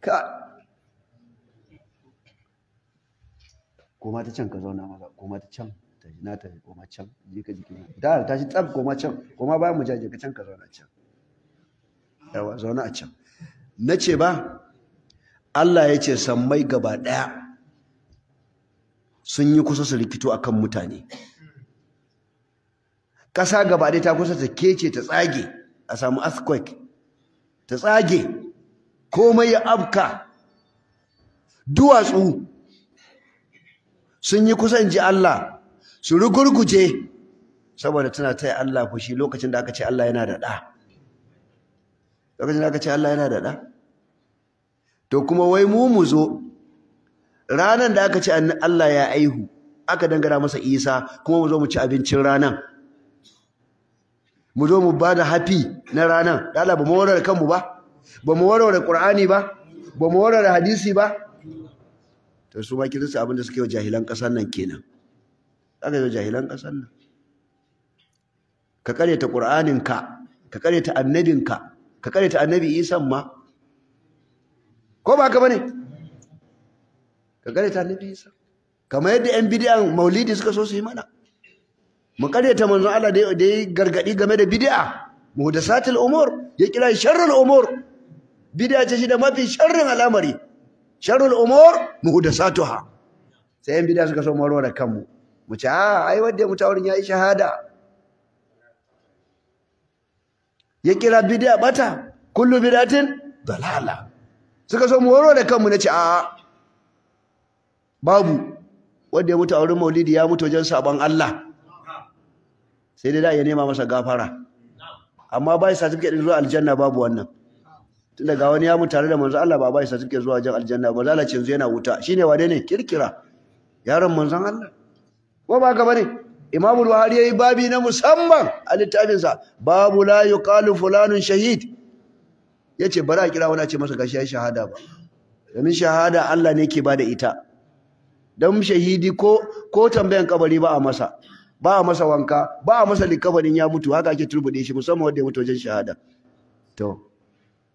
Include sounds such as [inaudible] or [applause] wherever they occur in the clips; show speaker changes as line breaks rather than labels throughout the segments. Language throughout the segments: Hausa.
ka koma ta can ka zauna maza koma ta can ta ji na tafi koma can je ka jiki da ta shi tsab koma can koma ba mu jaje ka can ka zauna can yawa zauna a can na ce ba Allah ya ce sammai gaba ɗaya sun yi kusa su rikito akan mutane ƙasa gaba ɗaya ta kusa ta kece ta tsage a samu earthquake ta tsage komai ya afka duwatsu sun yi kusan ji Allah su rugurguje saboda tana ta yi Allah fushi lokacin da aka ce Allah yana da ɗa lokacin da aka ce Allah yana da ɗa to kuma wai mu mu zo ranan da aka ce Allah ya aihu aka dangara masa Isa kuma mu zo mu ci abincin ranan mu zo mu ba da hafi na ranan da ba mu kanmu ba ba mu warware ƙur'ani ba ba mu warware hadisi ba Ta su ma kirista abin da suke yi jahilan ƙasar nan kenan aka yi jahilan ƙasar nan ka ta ƙur'aninka ka ta annabinka ka ta annabi isan ma ko ba ka ba ne? ka ta annabi isan kamar yadda 'yan bidiyan maulidi suka so su yi mana mu karyata manzon Allah da ya gargadi game da bid'a satil umur ya kira sharrul umur bid'a ce shi da mafi sharrin al'amari sharrul umur muhdathatuha sai yan bid'a suka so mu warware kanmu mu ce a ah, ai wanda mu taurin yayi shahada ya kira bid'a bata kullu bid'atin dalala suka so mu warware kanmu ce a ah, babu wanda ya mutu a wurin maulidi ya mutu wajen sabon Allah sai dai da ya nema masa gafara amma shi sa din zuwa aljanna babu wannan tunda ga wani ya mutu tare da manzo Allah ba ba shi suke zuwa jan aljanna ba zala cin yana wuta shine wane ne kirkira yaron manzon Allah ko ba ka bane Imam Buhari yayi babi na musamman a littafin sa babu la yuqalu fulanun shahid yace a kira wani ce masa gashi ya shahada ba domin shahada Allah ne ke bada ita dan shahidi ko ko tambayan kabari ba a masa ba a masa wanka ba a masa likabarin ya mutu haka ake turbude shi musamman wanda ya mutu wajen shahada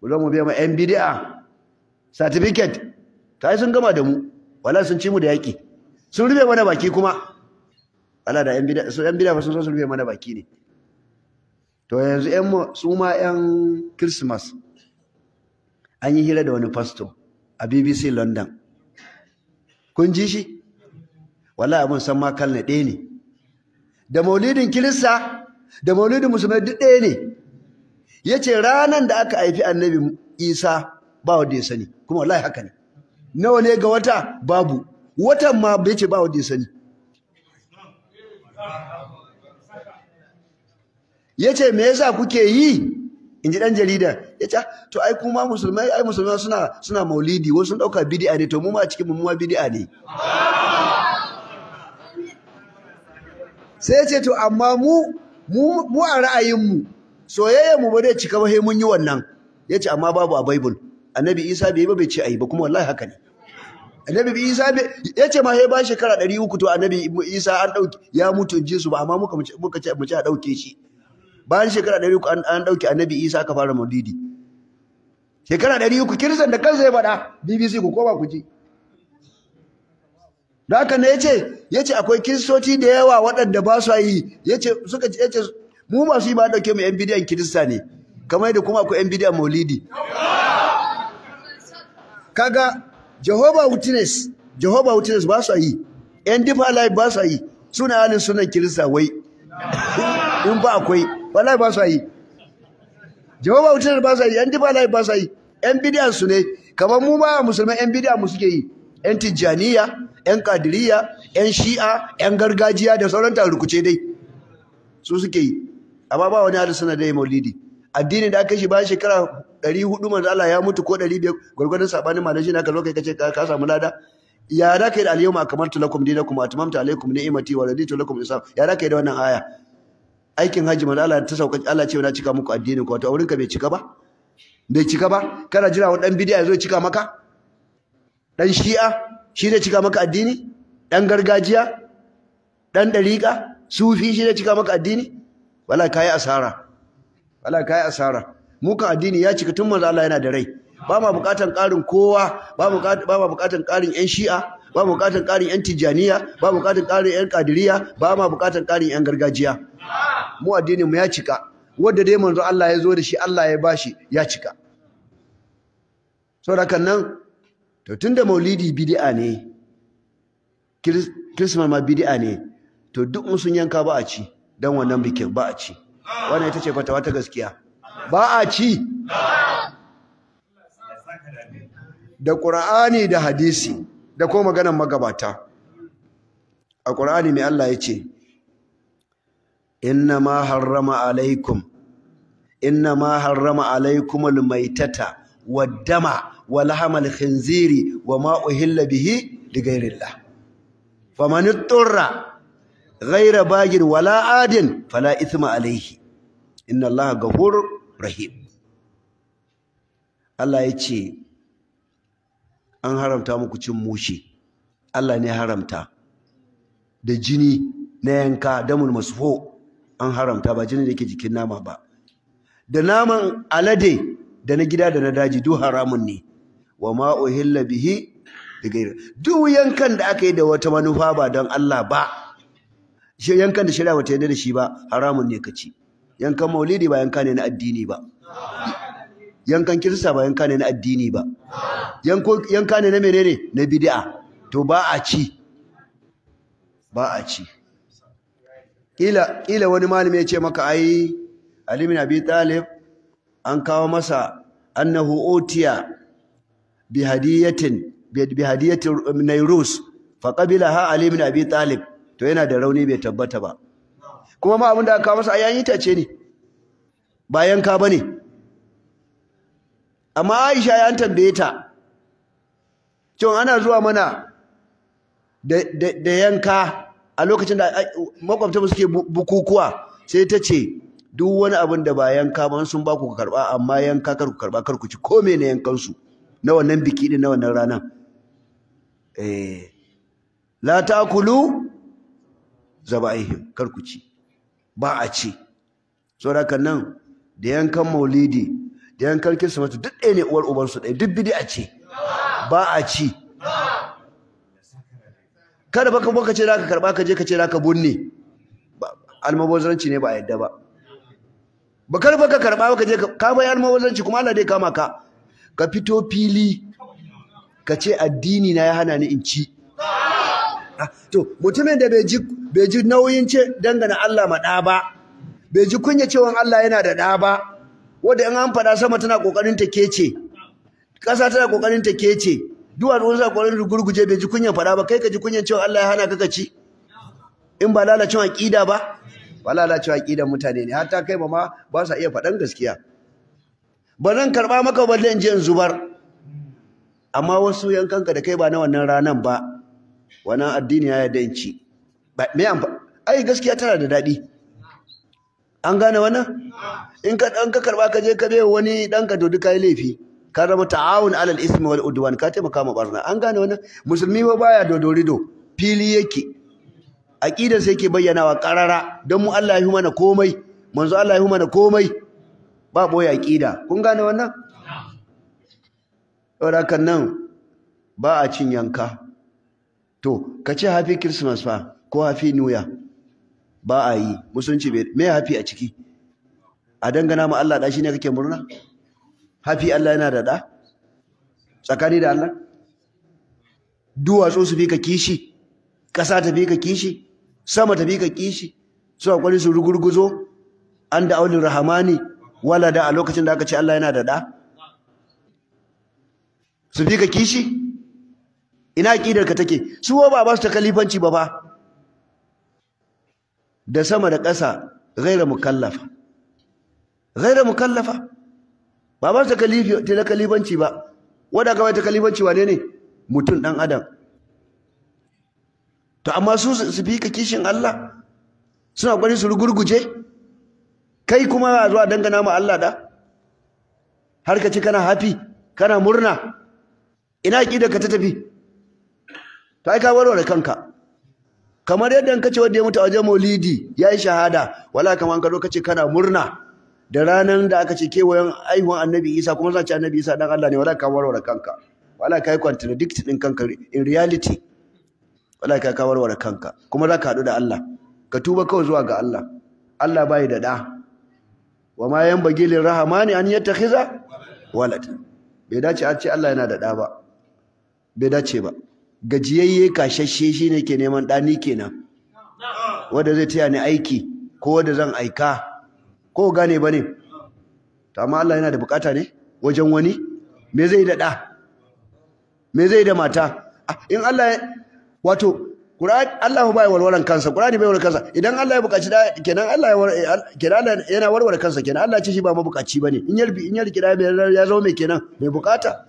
ku zo mu biya ma yan bid'a certificate ta yi sun gama da mu wala sun ci mu da yaƙi sun rufe mana baki kuma ala da yan bid'a sun so su rufe mana baki ne to yanzu yan su ma yan christmas an yi hira da wani pastor a BBC London kun ji shi Wala abin san ma kalna ɗaya ne da maulidin kirista da maulidin musulmai duk ɗaya ne yace ranar da aka haifi annabi Isa ba wanda ya sani kuma wallahi haka ne nawa ne ga wata babu watan ma bai ce ba wanda ya sani yace me yasa kuke yi in ji dan jarida yace to ai kuma musulmai ai musulmai suna suna maulidi wasu sun dauka bidi'a ne to mu ma a cikin mummuwa bidi'a ne sai yace to amma mu mu a ra'ayin mu soyayyar mu ba zai cika ba sai mun yi wannan yace amma babu a bible annabi isa bai yi ba bai ce yi ba kuma wallahi haka ne annabi isa ya ce ma sai ba shekara ɗari uku to annabi isa an ɗauki ya mutu ji su ba amma muka muka ce mu ce a ɗauke shi bayan shekara ɗari uku an ɗauki annabi isa aka fara maulidi shekara ɗari uku kirsan da kansa ya faɗa bbc ku koma ku ji da haka ne ya ce ya ce akwai kiristoci da yawa waɗanda ba su yi ya ce suka ya ce mu masu yi ba dauke mu yan bidiyan kirista ne kamar da kuma akwai yan bidiyan maulidi kaga jehova Witness jehova Witness ba su yi yan difa life ba su yi suna halin sunan kirista wai [laughs] in ba akwai wallahi ba su yi jehova Witness ba su yi yan difa life ba su yi yan bidiyan su ne kamar mu ba musulmai yan bidiya mu suke yi yan tijjaniya yan kadiriya yan shi'a yan gargajiya da sauran rukuce dai su suke yi amma ba wani ahlus sunna da maulidi addini da aka shi ba shekara 400 manzo Allah ya mutu ko ɗari 500 gurgurdan sabanin malaji na ka zo kai kace ka samu lada ya da kai da al-yawma akmaltu lakum dinakum atmamtu alaykum ni'mati wa raditu lakum islam ya da kai da wannan aya aikin haji manzo Allah ta sauka Allah ce na cika muku addinin ku wato aurinka bai cika ba bai cika ba kana jira wa dan bid'a ya zo cika maka dan shi'a shi ne cika maka addini dan gargajiya dan dariqa sufi shi ne cika maka addini wala ka yi asara wala ka yi asara muka addini ya cika tun manzo Allah yana da rai ba ma bukatan karin kowa ba ma bukatan karin yan shi'a ba ma bukatan karin yan tijaniya ba ma bukatan karin yan kadiriya ba ma bukatan karin yan gargajiya mu addinin mu ya cika wanda dai manzo Allah ya zo da shi Allah ya bashi ya cika saboda nan to tunda maulidi bid'a ne Christmas ma bid'a ne to duk musun yanka ba a ci Dan wannan bikin ba a ci wannan ita ce fata wata gaskiya ba a ci da ƙura'ani da hadisi da ko maganar magabata a ƙura'ani mai Allah ya ce inna ma harrama alaikum inna ma harrama alaikum almaitata waddama wa lahamal khinziri wa mauhilla uhilla bihi ligairillah ghairillah faman ittarra ghaira bagin wala adin fala ithma alaihi inna allaha ghafurur rahim Allah ya ce an haramta muku cin mushe Allah ne haramta da jini na yanka damul masfo an haramta ba jini da yake jikin nama ba da naman alade da na gida da na daji duk haramun ne wa ma uhilla bihi da duk yankan da aka yi da wata manufa ba don Allah ba yankan da shari'a wata yadda da shi ba haramun ne ka ci yankan maulidi ba yanka ne na addini ba yankan kirista ba yanka ne na addini ba yanka ne na menene na bid'a to ba a ci ba a ci ƙila wani malami ya ce maka ai Ali bin Abi Talib an kawo masa annahu utiya bi hadiyatin bi hadiyatin nairus fa qabilaha Ali bin Abi Talib to yana da rauni bai tabbata ba kuma ma abin da aka masa ayayin itace ne ba yanka ba ne amma aisha ya tambaye ta cewa ana zuwa mana da yanka a lokacin da makwabtanmu suke bukukuwa sai ta ce duk wani abin da ba yanka ba sun ba ku karba amma yanka kar ku karba kar ku ci kome na yankan su na wannan biki din na wannan ranan eh la takulu zaba'ihim kar ku ci ba a ci saboda nan da yankan maulidi da yankan kirsimeti duk ɗaya ne uwar ubansu ɗaya duk bidi a ce ba a ci kada baka baka ce zaka karba ka je ka ce zaka bunne almabozanci ne ba a yadda ba ba baka karba baka je ka bai almabozanci kuma Allah dai kama ka ka fito fili ka ce addini na ya hana ni in ci Ah, to mutumin da bai ji nauyin ce dangana Allah ma ɗa ba bai ji kunya cewa Allah yana da ɗa ba wanda in an faɗa sama tana ƙoƙarin ta kece ƙasa tana ƙoƙarin ta kece duwatsu suna kokarin gurguje bai ji kunya faɗa ba kai ka ji kunya cewa Allah ya hana ka ka ci in ba lalacewa aƙida ba ba lalacewa aƙidan mutane ne hatta kai ba ma ba sa iya faɗan gaskiya ba zan karɓa maka ba zan je in zubar amma wasu yankanka da kai ba na wannan ranan ba wannan addini ya yarda in ci me ai gaskiya tana da daɗi an gane wannan in ka dan ka karba ka je ka bai wani dan ka to duka yi laifi ka zama ta'awun alal ismi wal udwan ka taimaka ma barna an gane wannan musulmi ba baya dodorido fili yake aqidar sai yake wa karara dan mu Allah ya yi mana komai manzo Allah ya yi mana komai ba boye aqida kun gane wannan saboda kan nan ba a cin yanka to ka ce hafi christmas fa ko hafi new year ba a yi musulunci Mai hafi a ciki a dangana ma Allah ɗa shi ne kake murna hafi Allah yana da ɗa? tsakani da Allah duwatsu su fi ka kishi ƙasa ta fi ka kishi sama ta fi ka kishi su akwai su rugurguzo an da aulin rahamani wala da a lokacin da aka ce Allah yana da ɗa? su fi ka kishi ina aqidarka take su ba ba su ta kalifanci ba fa da sama da ƙasa ghaira mukallafa mu mukallafa ba ba su ta ta kalifanci ba wadda kawai ta kalifanci wane ne mutum ɗan adam to amma su su fi ka kishin Allah suna ƙwari su rugurguje kai kuma zuwa dangana ma Allah da har ka ci kana hafi kana murna ina ƙida ka ta tafi to ai ka warware kanka kamar yadda in kace wanda ya mutu a wajen maulidi ya yi shahada wala kamar ka zo kace kana murna da ranar da aka ce kewayen aihuwan annabi isa kuma za ci annabi isa dan Allah ne wala ka warware kanka wala ka yi contradict din kanka in reality wala ka ka warware kanka kuma za ka haɗu da Allah ka tuba kawai zuwa ga Allah Allah bai da da wa ma yanbaghi lirrahmani an khiza walad bai dace a ce Allah yana da da ba bai dace ba gajiyayye kashashe shi ne ke neman ɗani kenan wanda zai taya ni aiki ko wanda zan aika ko gane ba ne to amma Allah yana da bukata ne wajen wani me zai da ɗa me zai da mata in Allah wato Qur'an Allah ya walwalan kansa Qur'ani bai walwalan kansa idan Allah ya bukaci da kenan Allah ya kenan Allah yana warware kansa kenan Allah ya ce shi ba mabukaci bane in yarbi in yarki da ya zo mai kenan mai bukata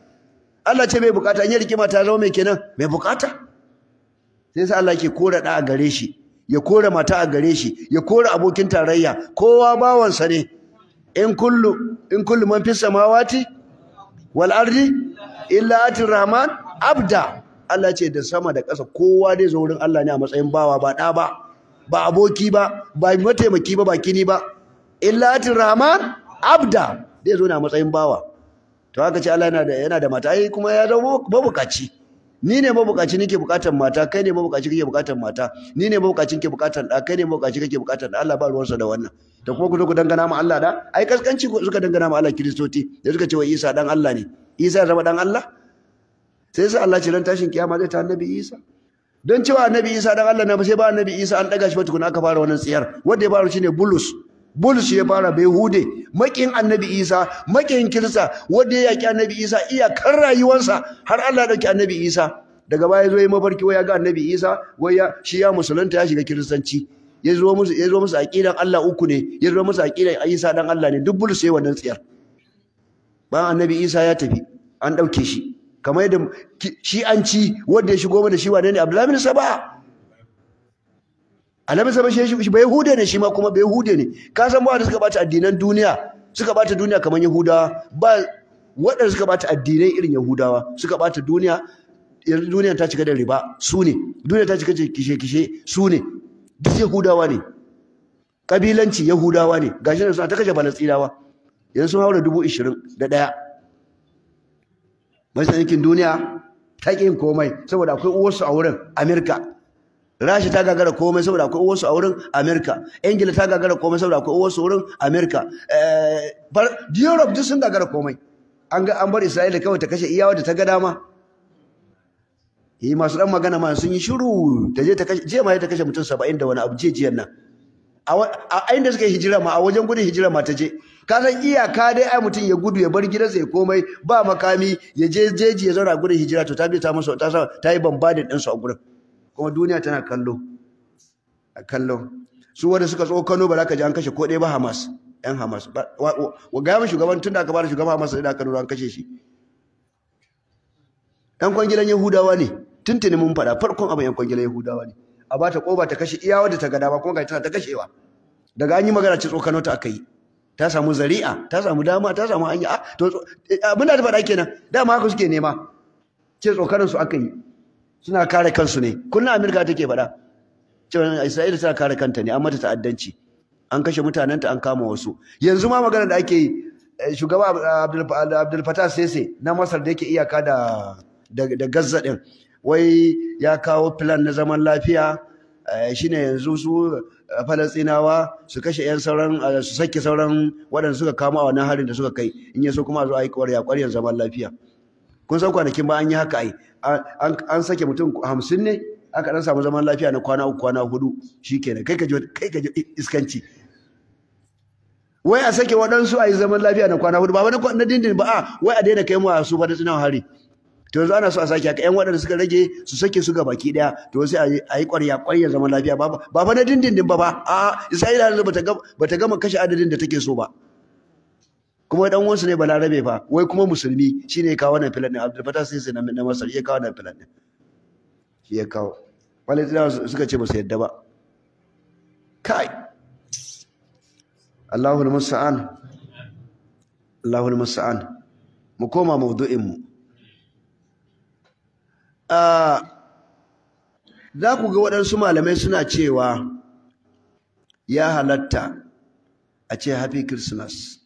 Allah ce mai bukata in yi rikima ta zama mai kenan mai bukata sai sa Allah ke kora da a gare shi ya kora mata a gare shi ya kora abokin tarayya kowa bawansa ne in kullu in kullu man fi samawati wal ardi illa atir rahman abda Allah ce da sama da ƙasa kowa dai zo wurin Allah ne a matsayin bawa ba da ba ba aboki ba ba mataimaki ba ba kini ba illa atir rahman abda dai zo ne a matsayin bawa to haka ce Allah yana da mata ai kuma ya zama mabukaci ni ne mabukaci nake bukatar mata kai ne mabukaci kake bukatar mata ni ne mabukaci kake bukatar da kai ne mabukaci kake bukatar da Allah ba ruwansa da wannan da kuma ku zo ku dangana ma Allah da ai kaskanci suka dangana ma Allah kiristoti da suka ce wa Isa dan Allah ne Isa zama dan Allah sai sai Allah ce ran tashin kiyama zai ta annabi Isa don cewa annabi Isa dan Allah ne ba sai ba annabi Isa an daga shi ba tukuna aka fara wannan tsiyar wanda ya fara shine bulus bulus ya fara bai hude makin annabi isa makin kirista wanda ya yaki annabi isa iya kan rayuwarsa har allah ya dauki annabi isa daga baya zo ya mafarki waya ya ga annabi isa waya shi ya musulunta ya shiga kiristanci ya zo musu ya zo allah uku ne ya zo musu aqidan isa dan allah ne duk bulus ya wannan tsiyar Ba annabi isa ya tafi an dauke shi kamar yadda shi an ci wanda ya shigo mana shi wane ne abdullahi bin alamin sama shi ba yahude ne shi ma kuma ba yahude ne ka san ba da suka bata addinan duniya suka bata duniya kamar yahudawa ba waɗanda suka bata addinai irin yahudawa suka bata duniya yanzu duniya ta cika da riba su ne duniya ta cika kishe kishe su ne duk yahudawa ne kabilanci yahudawa ne gashi nan suna ta kashe falastinawa yanzu sun haura dubu ishirin da ɗaya majalisar yankin duniya ta ƙin komai saboda akwai uwarsu a wurin amerika Rasha ta gagara komai saboda akwai uwarsu a wurin Amerika. Ingila ta gagara komai saboda akwai a wurin Amerika. Eh, Europe duk sun gagara komai. An ga an bar Isra'ila kawai ta kashe iyawa da ta gada ma Yi eh, masu dan magana ma sun yi shiru ta je ta kashe je ma ta kashe mutum saba'in da wani abu je jiyan nan. A inda suka yi hijira ma a wajen gudun hijira ma ta je. Ka san iyaka dai ai mutum ya gudu ya bar gidansa ya komai ba makami ya je jeji ya zauna gudun hijira to ta bi ta masa ta yi bambadin ɗinsu a gurin. kuma duniya tana kallo a kallo su wanda suka Kano, ba za ka ji an kashe ko ɗaya ba hamas yan hamas wa gaya shugaban tun da aka bada shugaban hamas sai da aka nuna an kashe shi yan kwangilan yahudawa ne tuntuni mun faɗa farkon abin yan kwangilan yahudawa ne a ba ta ƙoba ta kashe iya wadda ta gada ba kuma ga tana ta kashewa daga an yi magana ce tsokano ta aka yi ta samu zari'a ta samu dama ta samu hanya muna ah, eh, da ta faɗa kenan dama haka suke nema ce tsokanin su aka yi suna kare kansu ne kullum Amerika take faɗa cewa Isra'ila tana kare kanta ne an mata ta'addanci an kashe mutanenta an kama wasu yanzu ma magana da ake yi eh, shugaba eh, Abdul fatah Sese na Masar da yake iyaka da da Gaza din wai ya kawo plan na zaman lafiya eh, shine yanzu su Falastinawa su kashe yan sauran su sake sauran waɗanda suka kama a wannan harin da suka kai in yaso kuma zo a yi ƙwarya ƙwaryar zaman lafiya kun san kwanakin ba an yi haka ai an sake mutum hamsin ne aka dan samu zaman lafiya na kwana uku kwana hudu Shi kai ka ji kai ka ji iskanci wai a sake waɗansu a yi zaman lafiya na kwana hudu ba wani na dindin ba a wai a daina kai mu a su ba da tsinan hari to yanzu ana so a sake haka yan waɗanda suka rage su sake su gaba ki ɗaya to sai a yi ƙwarya ƙwarya zaman lafiya ba ba na dindin ba ba a isra'ila ba ta gama kashe adadin da take so ba kuma dan uwansu ne balarabe fa wai kuma musulmi shine ya kawo wannan filan ne Abdul fatah sai na na Masar ya kawo wannan filan ne shi ya kawo Palestinawa suka ce musu yadda ba kai Allahul musta'an Allahul musta'an mu koma maudu'in mu ah, za ku ga waɗansu malamai suna cewa ya halatta a ce happy christmas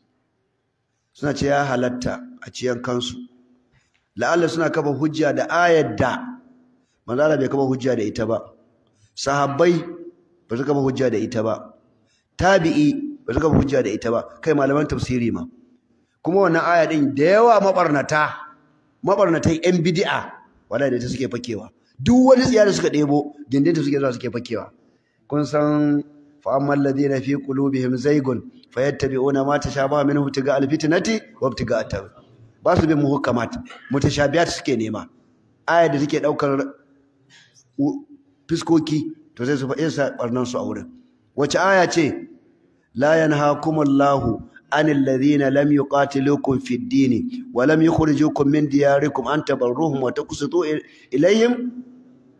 suna ce ya halatta a ciyan kansu la'alla suna kafa hujja da ayar da manzala bai kafa hujja da ita ba sahabbai ba su kafa hujja da ita ba tabi'i ba su kafa hujja da ita ba kai malaman tafsiri ma kuma wannan aya din da yawa mabarnata mabarnatai yan bid'a wala da ta suke fakewa duk wani tsiya da suka ɗebo gindin suke zuwa suke fakewa kun san fa amma alladhina fi qulubihim zaygun fayattabi'una ma tashabaha minhu tiga alfitnati wa tiga at ba su bin muhkamat mutashabiyat suke nema aya da take ɗaukar fiskoki to sai su fa isa barnan su a wurin wace aya ce la yanhaakumullahu anil ladhina lam yuqatilukum fid dini wa lam yukhrijukum min diyarikum an tabarruhum wa tuqsitu ilayhim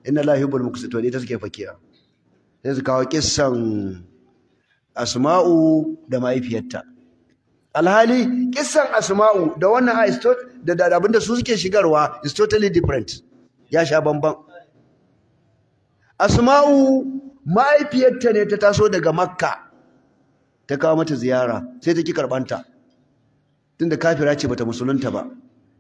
inna la yuhibbul muqsitin ita suke fakiya sai su kawo kissan asma'u da mahaifiyarta alhali kissan asma'u da wannan da abinda su suke shigarwa is totally different ya sha bamban asma'u mahaifiyarta ne ta taso daga makka ta kawo mata ziyara sai ta ki karbanta tunda kafira ce bata musulunta ba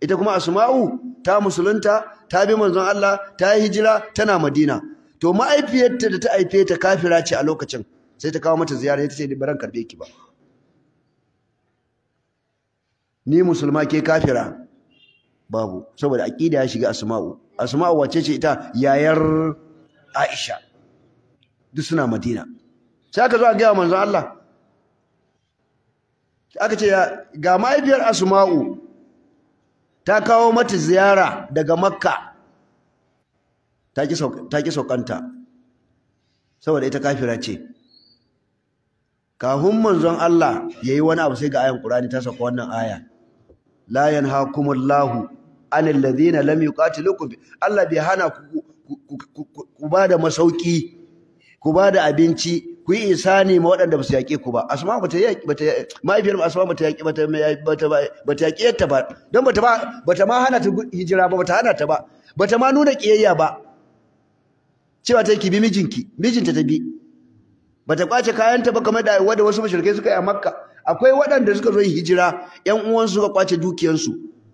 ita kuma asma'u ta musulunta ta bi manzon Allah ta yi hijira tana madina to ma'aifiyarta da ta haife ta kafira ce a lokacin sai ta kawo mata ziyara ta ce ni baran karbe ki ba ni musulma ke kafira babu saboda aqida ya shiga asma'u asma'u wace ce ita yayar Aisha duk suna Madina sai aka zo a gaya manzon Allah aka ce ga mahaifiyar asma'u ta kawo mata ziyara daga Makka ta ki saukanta saboda ita kafira ce kahun manzon Allah ya yi wani abu sai ga ayan ƙurani ta sauka wannan aya Layan la yanhakumullahu anil lami lam lokobi Allah bai hana ku ba da masauki ku ba da abinci ku yi ne ma waɗanda ba su yaƙe ku ba asma ba ta yaƙi ba ta ba ta yaƙi ba ta ba ta ta ba don ba ta ma hana ta hijira ba ba ta hana ta ba ba ta ma nuna ƙiyayya ba cewa ta ki bi mijinki mijinta ta bi Ba ta kwace kayanta ba kamar da wadda wasu mashirkai suka yi a Makka akwai waɗanda suka zo hijira 'yan uwansu suka kwace dukiyansu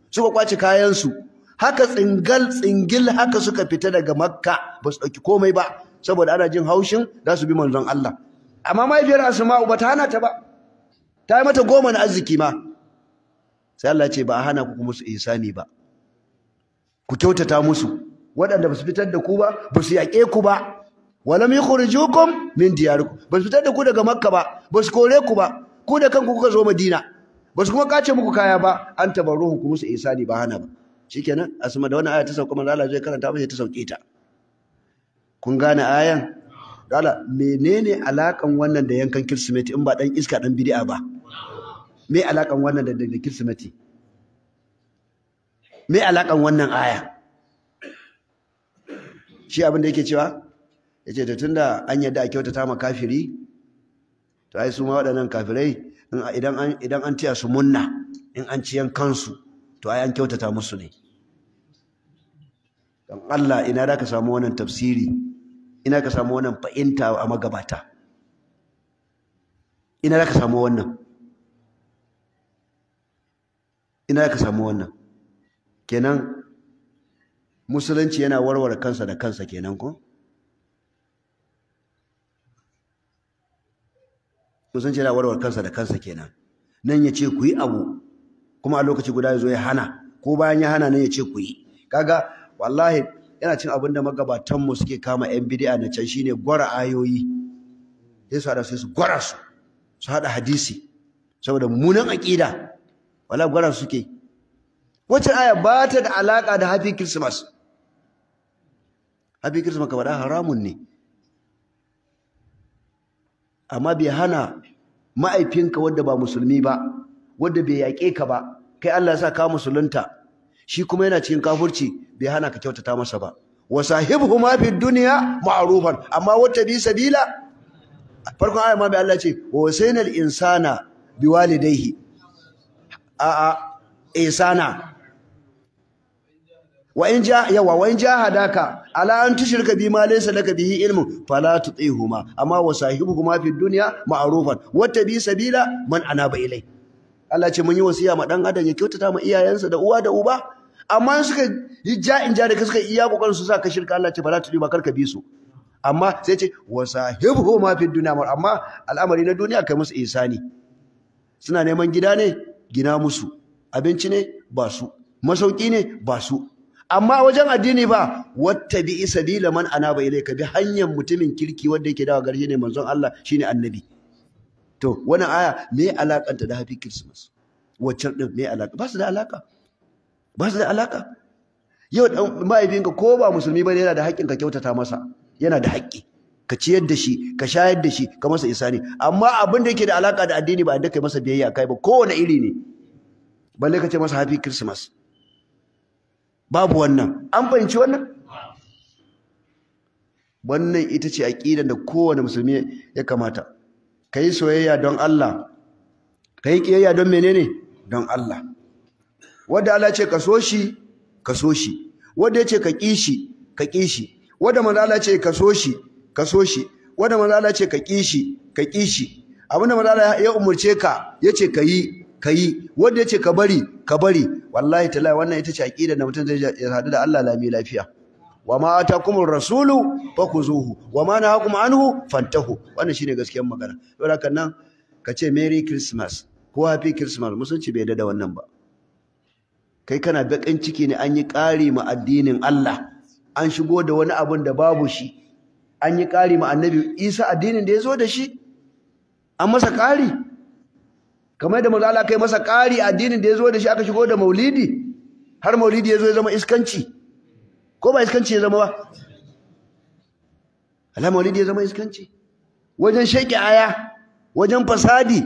suka kwace kayansu haka tsingal tsingil haka suka fita daga Makka ba su ɗauki komai ba saboda ana jin haushin za su bi manzon Allah amma mahaifiyar Asma'u ba ta hana ta ba ta yi mata goma na arziki ma sai Allah ce ba a hana ku kuma su ihsani ba ku kyautata musu waɗanda ba su fitar da ku ba ba su yaƙe ku ba walam yukhrijukum min diyarikum ba su fitar da ku daga makka ba ba su kore ku ba ku da kanku kuka zo madina ba su kuma kace muku kaya ba an tabarruhu ku musu isani ba hana ba shikenan asuma da wannan aya ta sauka manzo Allah zai karanta ba ta sauke ta kun gane ayan dala menene alakan wannan da yankan kirsimeti in ba dan iska dan bid'a ba me alakan wannan da da kirsimeti me alakan wannan aya shi abin da yake cewa ya ce da tunda an yadda a kyautata ma kafiri to ai su ma waɗannan kafirai idan an tiya su munna in an ciyan kansu to ai an kyautata musu ne don Allah ina da ka samu wannan tafsiri ina ka samu wannan fa'inta a magabata ina da ka samu wannan ina da ka samu wannan kenan musulunci yana warware kansa da kansa kenan ko musulunci yana warware kansa da kansa kenan nan ya ce ku yi abu kuma a lokaci guda ya zo ya hana ko bayan ya hana nan ya ce ku yi kaga wallahi yana cin abin da magabatanmu suke kama yan bidi'a na can shine gwara ayoyi sai su hada sai su gwara su su hada hadisi saboda munan aƙida wala gwara suke wacce aya ba ta da alaƙa da hafi Christmas abin kirsa maka faɗa haramun ne amma bai hana ma'aifinka wadda ba musulmi ba wadda bai yaƙe ka ba kai Allah ya sa ka musulunta shi kuma yana cikin kafurci bai hana ka kyautata masa ba wa ma fi dunya ma'rufan amma wata bi sabila farkon ayat ma bai Allah ce wa insana biwalidayhi a a isana wa in ja yawa wa in hadaka, ala an tushrika bi ma laysa laka bihi ilmun fala tuṭihuma amma wa sahibuhuma fid dunya ma'rufan wattabi sabila man anaba ilai Allah ce mun yi wasiya ma dan adam ya kyautata ma iyayensa da uwa da uba amma suka yi ja in ja da suka iya kokarin su sa ka shirka Allah ce fala tuṭihuma karka bi su amma sai ce wa sahibuhuma fid dunya amma al'amari na duniya kai musu ihsani suna neman gida ne gina musu abinci ne ba su masauki ne ba su amma wajen addini ba bi wattabi sabila man anaba ilayka bi hanyar mutumin kirki wanda yake dawa garje ne manzon Allah shine annabi to wani aya me alakanta da happy christmas waccan din me alaka ba su da alaka ba su da alaka yau dan ka ko ba musulmi ba ne yana da haƙƙin ka kyautata masa yana da haƙƙi ka ciyar da shi ka shayar da shi ka masa isani amma abin da yake da alaka da addini ba inda kai masa biyayya kai ba kowane iri ne balle ka ce masa happy christmas babu wannan an fahimci wannan wannan ita ce aƙidar da kowane musulmi ya kamata ka yi soyayya don Allah ka yi ƙiyayya don menene don Allah wadda Allah ce ka so shi ka so shi wadda ya ce ka ƙi shi ka ƙi shi wadda manzo Allah ce ka so shi ka so shi wadda manzo Allah ce ka ƙi shi ka ƙi shi abinda manzo Allah ya umurce ka yace ka yi ka yi wadda ya ce ka bari ka bari wallahi tallahi wannan ita ce aqida da mutum zai hadu da Allah lami lafiya wa ma atakumur rasulu fakuzuhu wa ma nahakum anhu fantahu wannan shine gaskiyar magana don haka nan ka ce merry christmas ko happy christmas musulunci bai da wannan ba kai kana bakin ciki ne an yi ƙari ma addinin Allah an shigo da wani abun da babu shi an yi ƙari ma annabi Isa addinin da ya zo da shi an masa ƙari kamar da manzo Allah kai masa ƙari addinin da ya zo da shi aka shigo da maulidi har maulidi ya zo ya zama iskanci ko ba iskanci ya zama ba Allah maulidi ya zama iskanci wajen sheƙi aya wajen fasadi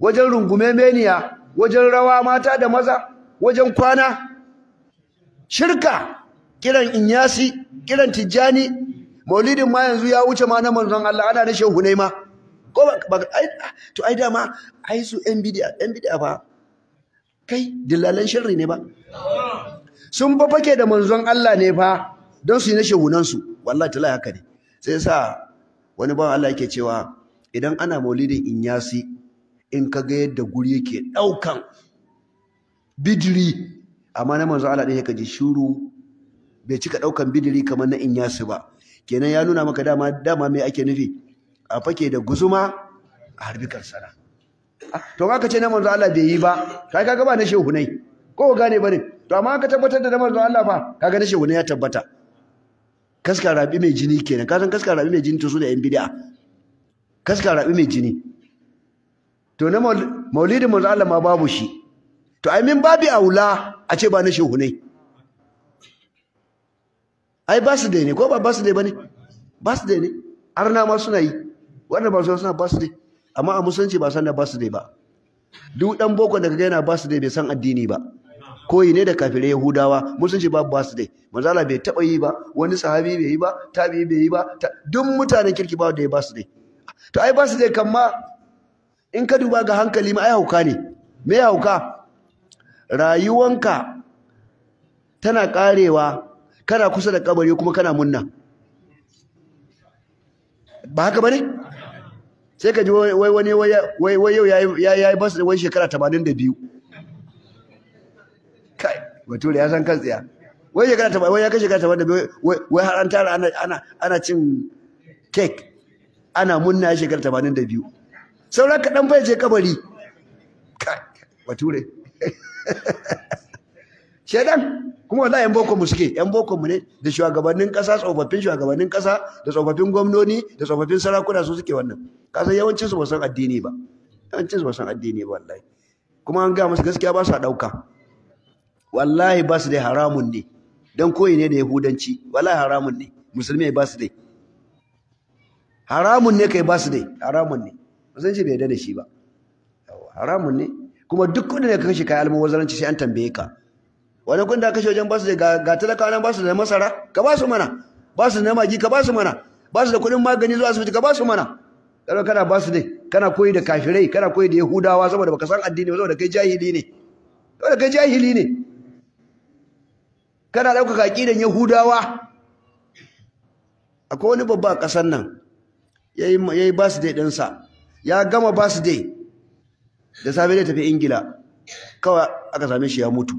wajen rungume meniya wajen rawa mata da maza wajen kwana shirka kiran inyasi kiran tijjani maulidin ma yanzu ya wuce ma na manzon Allah ana na shehu ne ma ko ba ai to ai dama ai su yan ba kai dillalan sharri ne ba sun fa fake da manzon Allah ne fa don su yi na shehunan su wallahi tala haka ne sai yasa wani bawan Allah yake cewa idan ana maulidin in yasi in ka ga yadda guri yake daukan bidiri amma na manzon Allah din yake ji shiru bai cika daukan bidiri kamar na in yasi ba kenan ya nuna maka dama dama me ake nufi a fake da guzuma a harbi karsana to ka ce na manzo Allah bai yi ba kai kaga ba na shehu ne ko gane bane to amma ka tabbatar da na manzo Allah fa kaga na shehu ne ya tabbata kaskar rabi mai jini kenan ka san kaskar rabi mai jini to su da yan bid'a kaskar rabi mai jini to na maulidi manzo Allah ma babu shi to ai min babi aula a ce ba na shehu ne ai ba su da ne ko ba ba su da ne ba su da ne arna ma suna yi wanda ba su suna birthday amma a musulunci ba san da birthday ba duk dan boko daga kaga yana birthday bai san addini ba koyi ne da kafirai yahudawa musulunci ba birthday manzo Allah bai taba yi ba wani sahabi bai yi ba tabi bai yi ba duk mutanen kirki ba da ya birthday to ai birthday kan ma in ka duba ga hankali ma ai hauka ne me ya hauka rayuwanka tana karewa kana kusa da kabari kuma kana munna ba haka bane sai ka ji wai wani wai wai yau ya yi bas wai shekara 82 kai bature ya san kan tsiya wai shekara 80 wai ya kai shekara 82 wai har an tara ana ana cin cake ana munna shekara 82 sauran kaɗan bai ce kabari kai bature [laughs] shedan kuma wanda yan boko mu suke yan boko mu ne da shugabannin kasa tsofaffin shugabannin kasa da tsofaffin gwamnoni da tsofaffin sarakuna su suke wannan ka san yawancin su ba san addini ba yawancin su ba san addini ba wallahi kuma an ga musu gaskiya ba su dauka wallahi ba su dai haramun ne dan koyi ne da yahudanci wallahi haramun ne musulmi ba su dai haramun ne kai ba su dai haramun ne musulunci bai yarda da shi ba haramun ne kuma duk kudin da ka kashe kai almuwazaranci sai an tambaye ka wani kun da kashe wajen basu da ga talakawa nan basu da masara ka basu mana basu da magi ka basu mana basu da kuɗin magani zuwa asibiti ka basu mana kana kana basu dai kana koyi da kafirai kana koyi da yahudawa saboda baka san addini ba saboda kai jahili ne saboda kai jahili ne kana ɗaukaka da yahudawa akwai wani babba a ƙasar nan ya yi birthday ɗinsa ya gama dai da safe zai tafi ingila kawai aka same shi ya mutu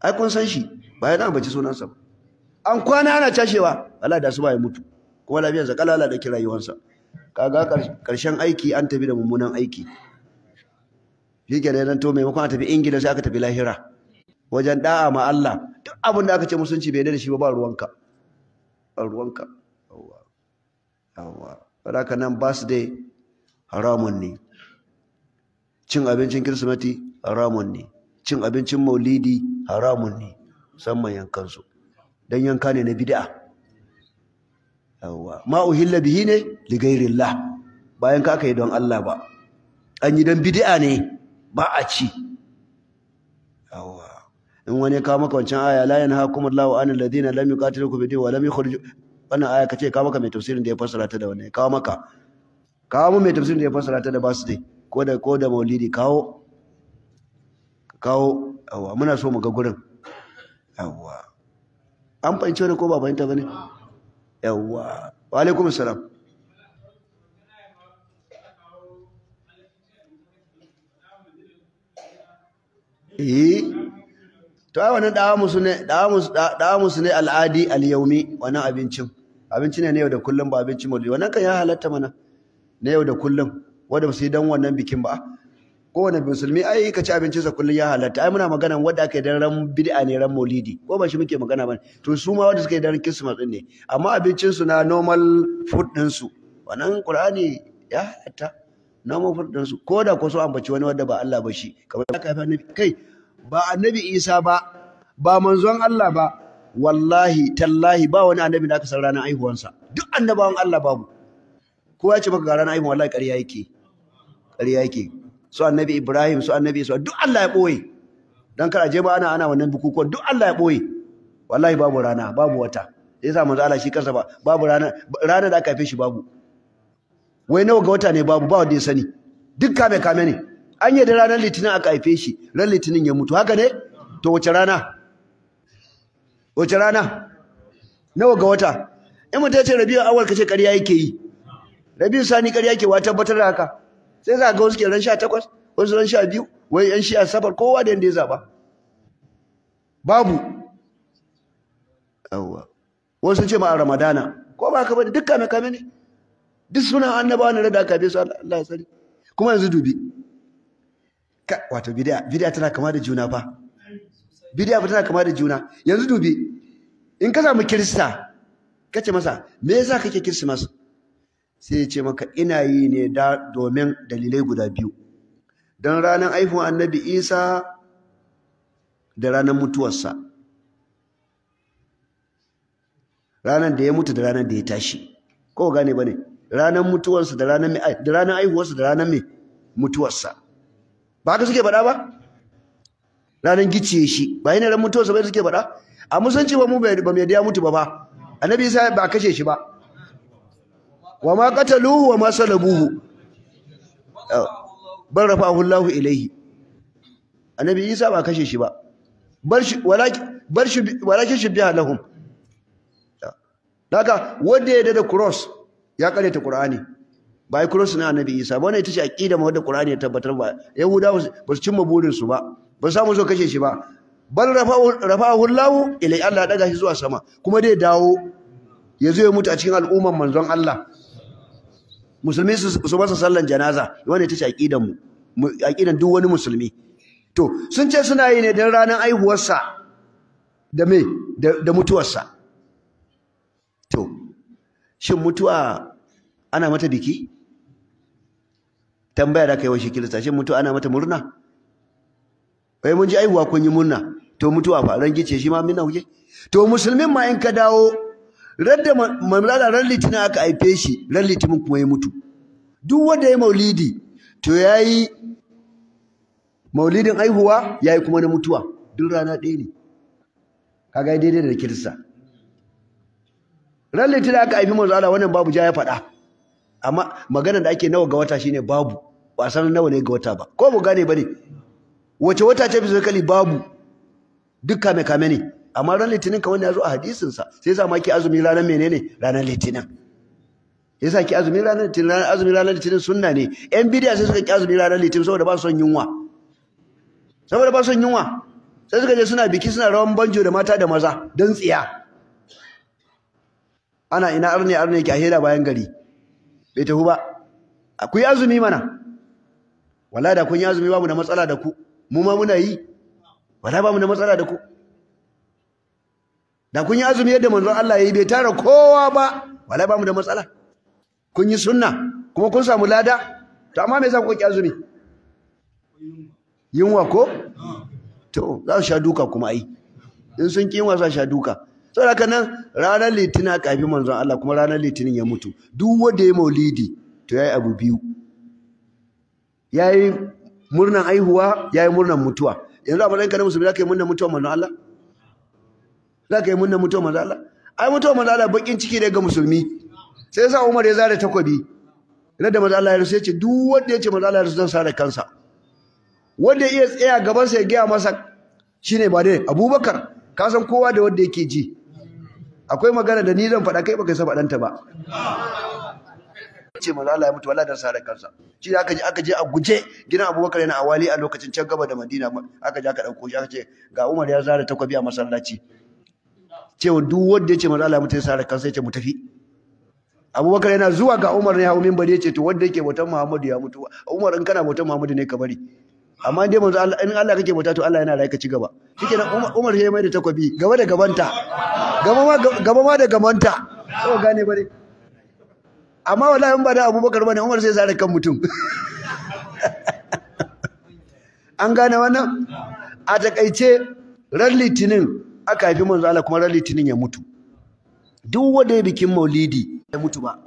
ai kun san shi ba ya dan ci sunansa ba an kwana ana cashewa Allah da su ba ya mutu kuma lafiyarsa kalala da kirayuwansa kaga karshen aiki an tafi da mummunan aiki shi ke nan to maimakon a tafi ingila sai aka tafi lahira wajen da'a ma Allah duk abin da aka ce musunci bai da shi ba ba ruwanka ba ruwanka yawwa yawwa ka nan birthday haramun ne cin abincin kirsimati haramun ne cin abincin maulidi haramun ne samman yankansu don yanka ne na bid'a yawwa ma uhilla bihi ne li bayan ka aka yi don Allah ba an yi don bid'a ne ba a ci in wani kawo maka wancan aya la yanhaakum Allahu an alladhina lam ku bidiyo wa lam kurji wannan aya kace kawo maka mai tafsirin da ya fassara ta da wani kawo maka kawo mu mai tafsirin da ya fassara ta da basu dai ko da ko da maulidi kawo kawo yawa muna so mu ga gurin yawa an fahimci wani ko ba fahimta ne yawa wa alaikum salam yi eh. to ai wannan dawa musu ne dawa musu dawa musu ne al'adi al-yaumi wannan abincin abinci ne na yau da kullum ba abinci mulki wannan kan ya halatta mana na yau da kullum wanda ba su yi dan wannan bikin ba kowane musulmi ai ka ci abincinsa kullum ya halatta ai muna magana wanda ake dan ran bid'a ne ran maulidi ko ba shi muke magana ba to su ma wanda suka yi dan christmas din ne amma abincinsu na normal food din su wannan qur'ani ya halatta normal food din su ko da ko so ambaci wani wanda ba Allah ba shi kamar aka fa annabi kai ba annabi Isa ba ba manzon Allah ba wallahi tallahi ba wani annabi da aka san ranar aihuwansa duk annabawan Allah babu kowa ya ce baka ga ranar aihuwa wallahi ƙarya yake ƙarya yake su annabi Ibrahim su annabi su duk Allah ya boye dan kar aje ba ana ana wannan bukukuwan duk Allah ya boye wallahi babu rana babu wata sai sa manzo Allah shi kansa ba babu rana rana da aka haife shi babu wai nawa ga wata ne babu ba wanda ya sani duk kame kame ne an yi da ranar litinin aka haife shi ran litinin ya mutu haka ne to wace rana wace rana nawa ga wata in mutum ya ce rabi'u awal kace ƙarya yake yi rabi'u sani karya yake wa tabbatar da haka sai za ga wasu ke ran sha takwas, wasu ran sha biyu, wai yan shiya safar kowa da yadda ya zaba babu yawwa wasu ce ma a ramadana ko ba ka bada duk kame kame ne duk suna annabawa na da aka bi su Allah sani kuma yanzu dubi ka wato bid'a tana kama da juna fa bid'a ba tana kama da juna yanzu dubi in ka samu kirista kace masa me yasa kake kirsimasu sai ya ce maka ina yi ne da domin dalilai guda biyu don ranar aifin annabi isa da ranar mutuwarsa ranar da ya mutu da ranar da ya tashi ko gane ba ne ranar mutuwarsa da ranar da ranar da ranar mai mutuwarsa ba haka suke faɗa ba ranar gicciye shi ba yana ran mutuwarsa ba suke faɗa a musanci ba mu ba mu yadda ya mutu ba ba annabi isa ba kashe shi ba wa ma qataluhu wa ma salabuhu bal rafa'ahu Allahu ilayhi annabi Isa ba kashe shi ba bar shi walakin bar shi walakin shi biha lahum daga wanda ya da cross ya karanta Qur'ani ba ai cross na annabi Isa ba wannan ita ce aqida wanda Qur'ani ya tabbatar ba Yahuda ba su cimma burin su ba ba samu so kashe shi ba bal rafa'ahu Allahu ilayhi Allah ya daga shi zuwa sama kuma dai dawo ya zo ya mutu a cikin al'umman manzon Allah musulmi su masa sallan janaza wanda ta ce aqidan mu aqidan duk wani musulmi to sun ce suna yi ne don ranar aihuwarsa da me da mutuwarsa to shin mutuwa ana mata biki tambaya da kai wa shi shin mutuwa ana mata murna wai eh, mun ji aihuwa kun yi murna to mutuwa fa ran gice shi ma mina kuke to musulmin ma in ka dawo radda mamlada ran litinin aka haife shi ran litinin kuma ya mutu duk wanda ya maulidi to ya yi maulidin aihuwa yi kuma na mutuwa duk rana ɗaya ne kaga daidai da kirista ran litinin aka haifi mazu ala wannan babu ja ya faɗa amma maganar da ake nawa ga wata shine babu Ba san nawa ne ga wata ba ko mu gane ba ne? wace wata ce fi kali babu duk kame kame ne amma ran litinin kawai ya zo a hadisin sa sai yasa ma ki azumi ranar menene ranar litinin yasa ki azumi ranar litinin ranar azumi ranar litinin sunna ne yan bidiya sai suka ki azumi ranar litinin saboda ba su son yunwa saboda ba su son yunwa sai suka je suna biki suna rawan banjo da mata da maza don tsiya ana ina arne arne ki a hira bayan gari bai tafi ba ku yi azumi mana wala da kun yi azumi babu da matsala da ku mu ma muna yi wala babu da matsala da ku da kun yi azumi yadda manzon Allah yayi bai tara kowa ba wallahi ba mu da matsala kun yi sunna kuma kun samu lada to amma me yasa kuka ki azumi wa ko to za su sha duka kuma ai in sun ki yunwa za su sha duka saboda haka nan ranar litinin kafin manzon Allah kuma ranar litinin ya mutu duk wanda ya maulidi to yayi abu biyu yayi murnan aihuwa yayi murnan mutuwa yanzu a matsayin ka na musulmi zaka yi murnan mutuwa manzon Allah za ka yi munna mutuwa mazala ai mutuwa mazala bakin ciki ne ga musulmi sai sa Umar ya zare takobi na da ya Allah ya ce duk wanda ya ce mazala ya rasu zan sare kansa wanda iya tsaya gaban sa ya gaya masa shine ba dai Abubakar ka san kowa da wanda yake ji akwai magana da ni zan faɗa kai baka saba danta ba ce mazala ya mutu wallahi dan sare kansa shi aka je aka je a guje gidan Abubakar yana a wali a lokacin can gaba da Madina aka je aka dauko shi aka ce ga Umar ya zare takobi a masallaci cewa duk wanda ya ce manzo Allah mutai sare kansa ya mu tafi Abubakar yana zuwa ga Umar ne hawo minbari yace to wanda yake bautan Muhammadu ya mutu Umar in kana bautan Muhammadu ne ka bari amma dai manzo Allah in Allah kake bauta to Allah yana raika ci gaba shikenan Umar ya mai da takobi gaba da gabanta gaba ma gaba ma da gamanta so gane bare amma wallahi in ba da Abubakar bane Umar sai zare kan mutum [laughs] an gane wannan a takaice ran litinin aka haifi manzo Allah kuma ran litinin ya mutu duk wanda ya bikin maulidi ya mutu ba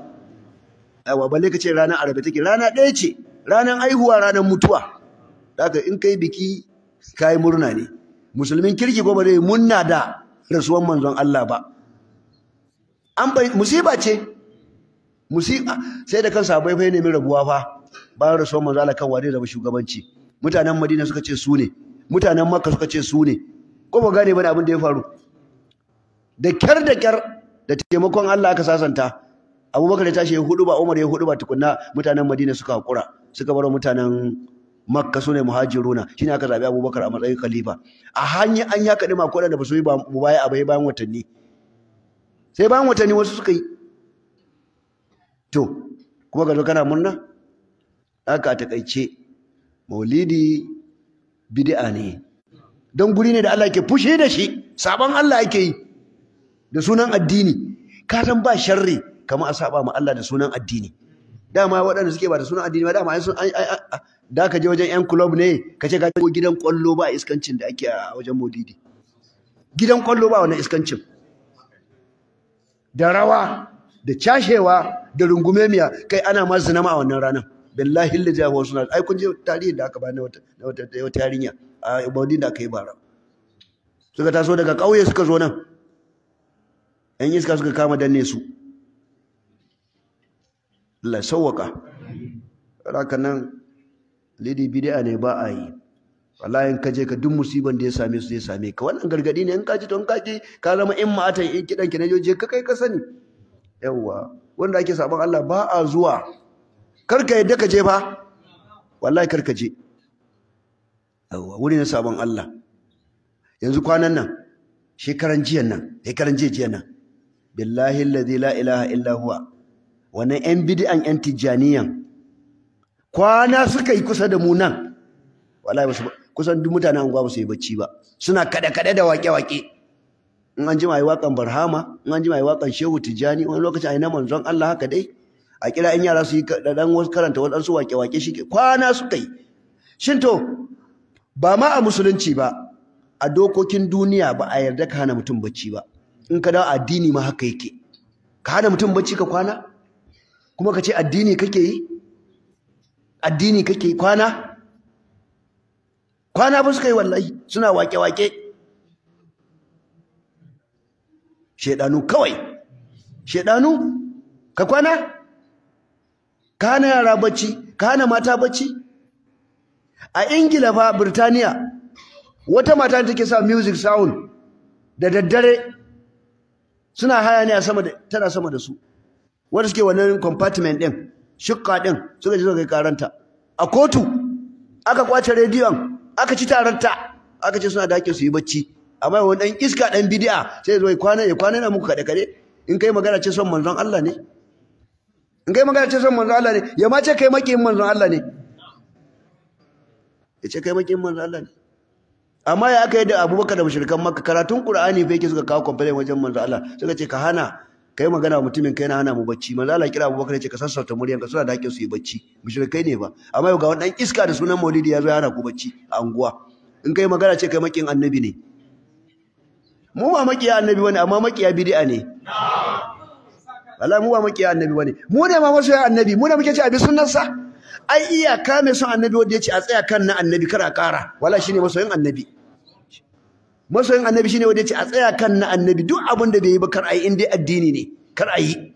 yawa balle ka ce ranar arabe take rana ɗaya ce ranar aihuwa ranar mutuwa haka in kai biki kai murna ne musulmin kirki ko ba zai munna da rasuwan manzon Allah ba an bai musiba ce musiba sai da kansa bai fai nemi rabuwa fa bayan rasuwan manzon Allah kan wani zama shugabanci mutanen Madina suka ce su ne mutanen Makka suka ce su ne ko ba gane bane abin da ya faru da kyar da kyar da taimakon Allah aka sasanta Abubakar ya tashi ya hudu ba Umar ya hudu ba tukunna mutanen Madina suka hakura suka bar mutanen Makka sune muhajiruna shine aka zabi Abubakar a matsayin khalifa a hanyar an ya kadi ma da ba su yi ba baya a bai bayan watanni sai bayan watanni wasu suka yi to kuma ga kana murna aka a takaice maulidi bid'a ne don guri ne da Allah ke fushi da shi sabon Allah yake yi da sunan addini ka san ba sharri kamar a saba ma Allah da sunan addini dama waɗanda suke ba da sunan addini ba dama ai da ka je wajen yan club ne ka ce ka je gidan kwallo ba iskancin da ake a wajen modidi gidan kwallo ba wannan iskancin da rawa da cashewa da rungumemiya kai ana ma zinama a wannan ranar billahi lillahi wa sunna ai kun je tarihin da aka na wata wata yarinya a maulidin da aka yi bara suka taso daga ƙauye suka zo nan yan iska suka kama danne su La sauwaka Raka nan lidi bid'a ne ba a yi wallahi in ka je ka duk musiban da ya same su zai same ka wannan gargadi ne in ka ji to in ka ji ka zama in matan in kidan na je ka kai ka sani yawa wanda ake saban Allah ba a zuwa kar ka yadda ka je fa wallahi kar ka je wuri na sabon Allah yanzu kwanan nan shekaran jiyan nan shekaran jiyan nan billahi alladhi la ilaha illa huwa wannan yan bid'an yan tijaniyan kwana suka yi kusa da mu nan wallahi ba kusan duk mutanen anguwa ba su yi bacci ba suna kada kada da wake wake in an jima yi wakan barhama in an jima yi wakan shehu tijani wani lokacin yi na manzon Allah haka dai a kira in yara su yi dan karanta wadansu wake wake shi kwana suka yi shin to ba ma a musulunci ba a dokokin duniya ba a yarda ka hana mutum bacci ba in ka dawo addini ma haka yake ka hana mutum bacci ka kwana kuma ka ce addini kake yi addini kake yi kwana kwana ba suka yi wallahi suna wake-wake shaidanu kawai shaidanu ka kwana ka hana yara bacci ka hana mata bacci a ingila fa birtaniya wata mata take sa music sound da daddare suna haya ne a sama da tana sama da su wanda suke wannan compartment din shukka din suka ji suka karanta a kotu aka kwace rediyon aka ci taranta aka ce suna dakin su yi bacci amma wani dan iska dan bidiya sai zo kwana ya kwana na muku kaɗe-kaɗe. in kai magana ce son manzon Allah ne in kai magana ce son manzon Allah ne ya ma ce kai makiyin manzon Allah ne ya ce kai makin manzo Allah ne amma ya aka yi da abubakar da mushrikan maka karatun qur'ani fa yake suka kawo complaint wajen manzo Allah suka ce ka hana kai magana wa mutumin kai na hana mu bacci manzo Allah kira abubakar ya ce ka sassauta muryanka suna da hakkin su yi bacci mushrikai ne ba amma ga wani dan iska da sunan maulidi ya zo ya hana ku bacci a anguwa in kai magana ce kai makin annabi ne mu ba makiya annabi bane amma makiya bid'a ne na'am wallahi mu ba makiya annabi bane mu ne ma wasu ya annabi mu ne muke ci abi sunnarsa ai iyaka mai son annabi wanda ya ce a tsaya kan na annabi kar a ƙara wala shine masoyin annabi masoyin annabi shi ne wanda ya ce a tsaya kan na annabi duk abin da bai yi ba kar a yi in dai addini ne kar a yi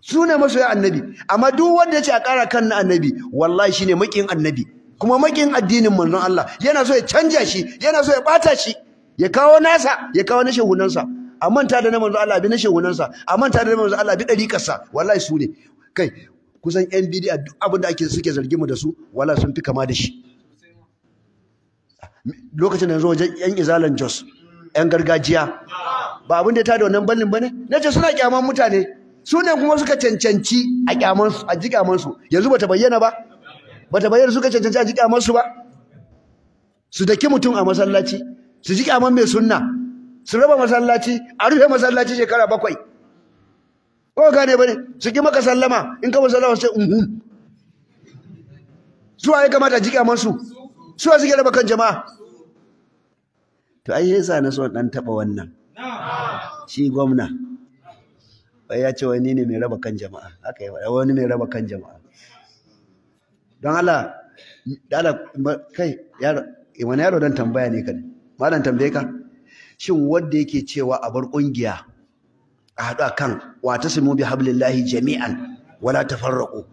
su ne masoyin annabi amma duk wanda ya ce a ƙara kan na annabi wallahi ne maƙin annabi kuma maƙin addinin manzon Allah yana so ya canja shi yana so ya ɓata shi ya kawo nasa ya kawo na shehunansa a manta da na manzon Allah bi na shehunansa a manta da na manzon Allah bi ɗariƙarsa wallahi su ne kai kusan yan bidiya duk abin da ake suke zargi mu da su wala sun fi kama da shi lokacin da yanzu wajen yan izalan jos yan gargajiya ba abin da ya tada wannan ballin bane na ce suna kyaman mutane su ne kuma suka cancanci a kyaman su a ji kyaman su yanzu bata bayyana ba bata bayyana suka cancanci a ji kyaman su ba su daki mutum a masallaci su ji kyaman mai sunna su raba masallaci a rufe masallaci shekara bakwai ko gane bane su ki maka sallama in ka sallama sai uhum zuwa ya kamata jika masu suwa suke raba kan jama'a to ai yasa na so dan taba wannan shi gwamna bai ya ce wani ne mai raba kan jama'a haka yi wani mai raba kan jama'a don Allah dala kai yaro eh, wani yaro dan tambaya ne kan dan tambaye ka shin wanda yake cewa a bar kungiya a haɗu a kan wata su mu bi hablillahi jami'an wala ta farraƙo.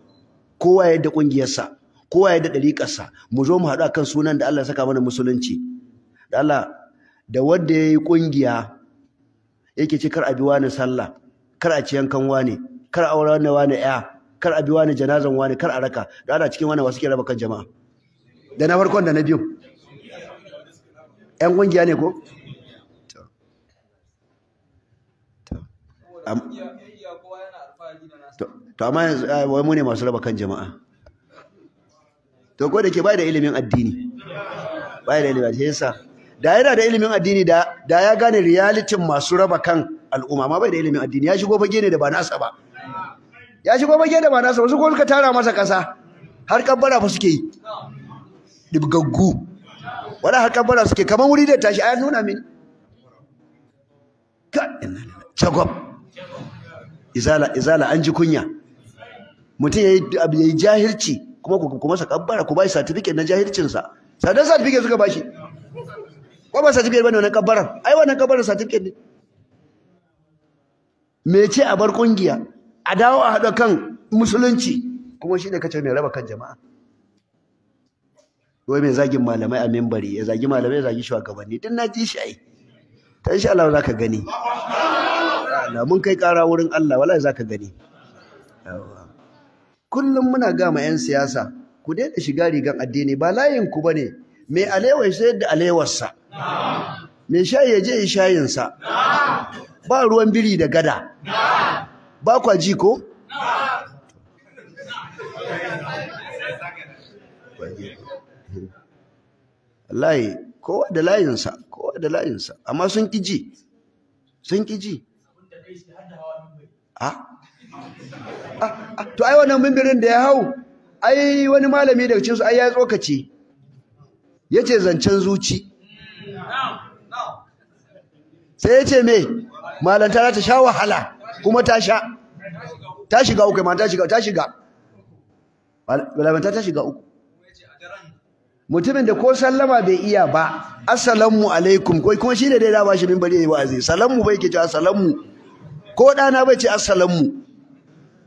kowa yadda ƙungiyarsa kowa yadda ɗariƙarsa mu zo mu haɗu a kan sunan da Allah saka mana musulunci da Allah da wanda ya yi ƙungiya yake ci kar a bi wani sallah kar a ci yankan wani kar a wani wani ya kar a bi wani janazan wani kar a raka da ana cikin wani wasu ke raba kan jama'a da na farkon da na biyu yan ƙungiya ne ko to amma yanzu wai mu ne masu raba kan jama'a to ko da ke bai da ilimin addini bai da ilimin addini yasa da yana da ilimin addini da da ya gane realitin masu raba kan al'umma ma bai da ilimin addini ya shigo fage ne da ba nasa ba ya shigo fage da ba nasa wasu ko suka tara masa kasa har kabbara fa suke yi dibgaggu wala har kabbara suke Kamar wuri da tashi ayan nuna mini ka inna chagwab izala izala an ji kunya mutum ya yi jahilci kuma ku masa kabbara ku bashi certificate na jahircinsa. sadan certificate suka bashi ko ba certificate bane wannan kabbaran ai wannan kabbaran certificate ne me ce a bar kungiya a dawo a haɗa kan musulunci kuma shine kace mai raba kan jama'a wai mai zagin malamai a membari ya zagi malamai ya zagi shugabanni din na ji shi ai ta insha Allah za ka gani Allah mun kai ƙara wurin Allah wallahi zaka gani kullum muna ga ma 'yan siyasa ku daina shiga rigan addini ba layin ku bane Me alewai sai da alewarsa Me shayi ya je shayinsa ba ruwan biri da gada ba kwa ji ko Allah kowa da layinsa kowa da layinsa amma sun ƙi ji sun ƙi ji a ah. ah, ah. to ai wannan mimbirin da ya hau ai wani malami daga cinsu ai ya tsokace ya ce zancen zuci sai ya ce me malanta ta sha wahala kuma ta sha ta shiga uku ma ta shiga ta shiga malanta ta shiga uku mutumin da ko sallama bai iya ba assalamu alaikum ko kuma shi ne dai da ba shi mimbari yayi wa'azi salamu bai ke cewa salamu ko ɗana bai ce assalamu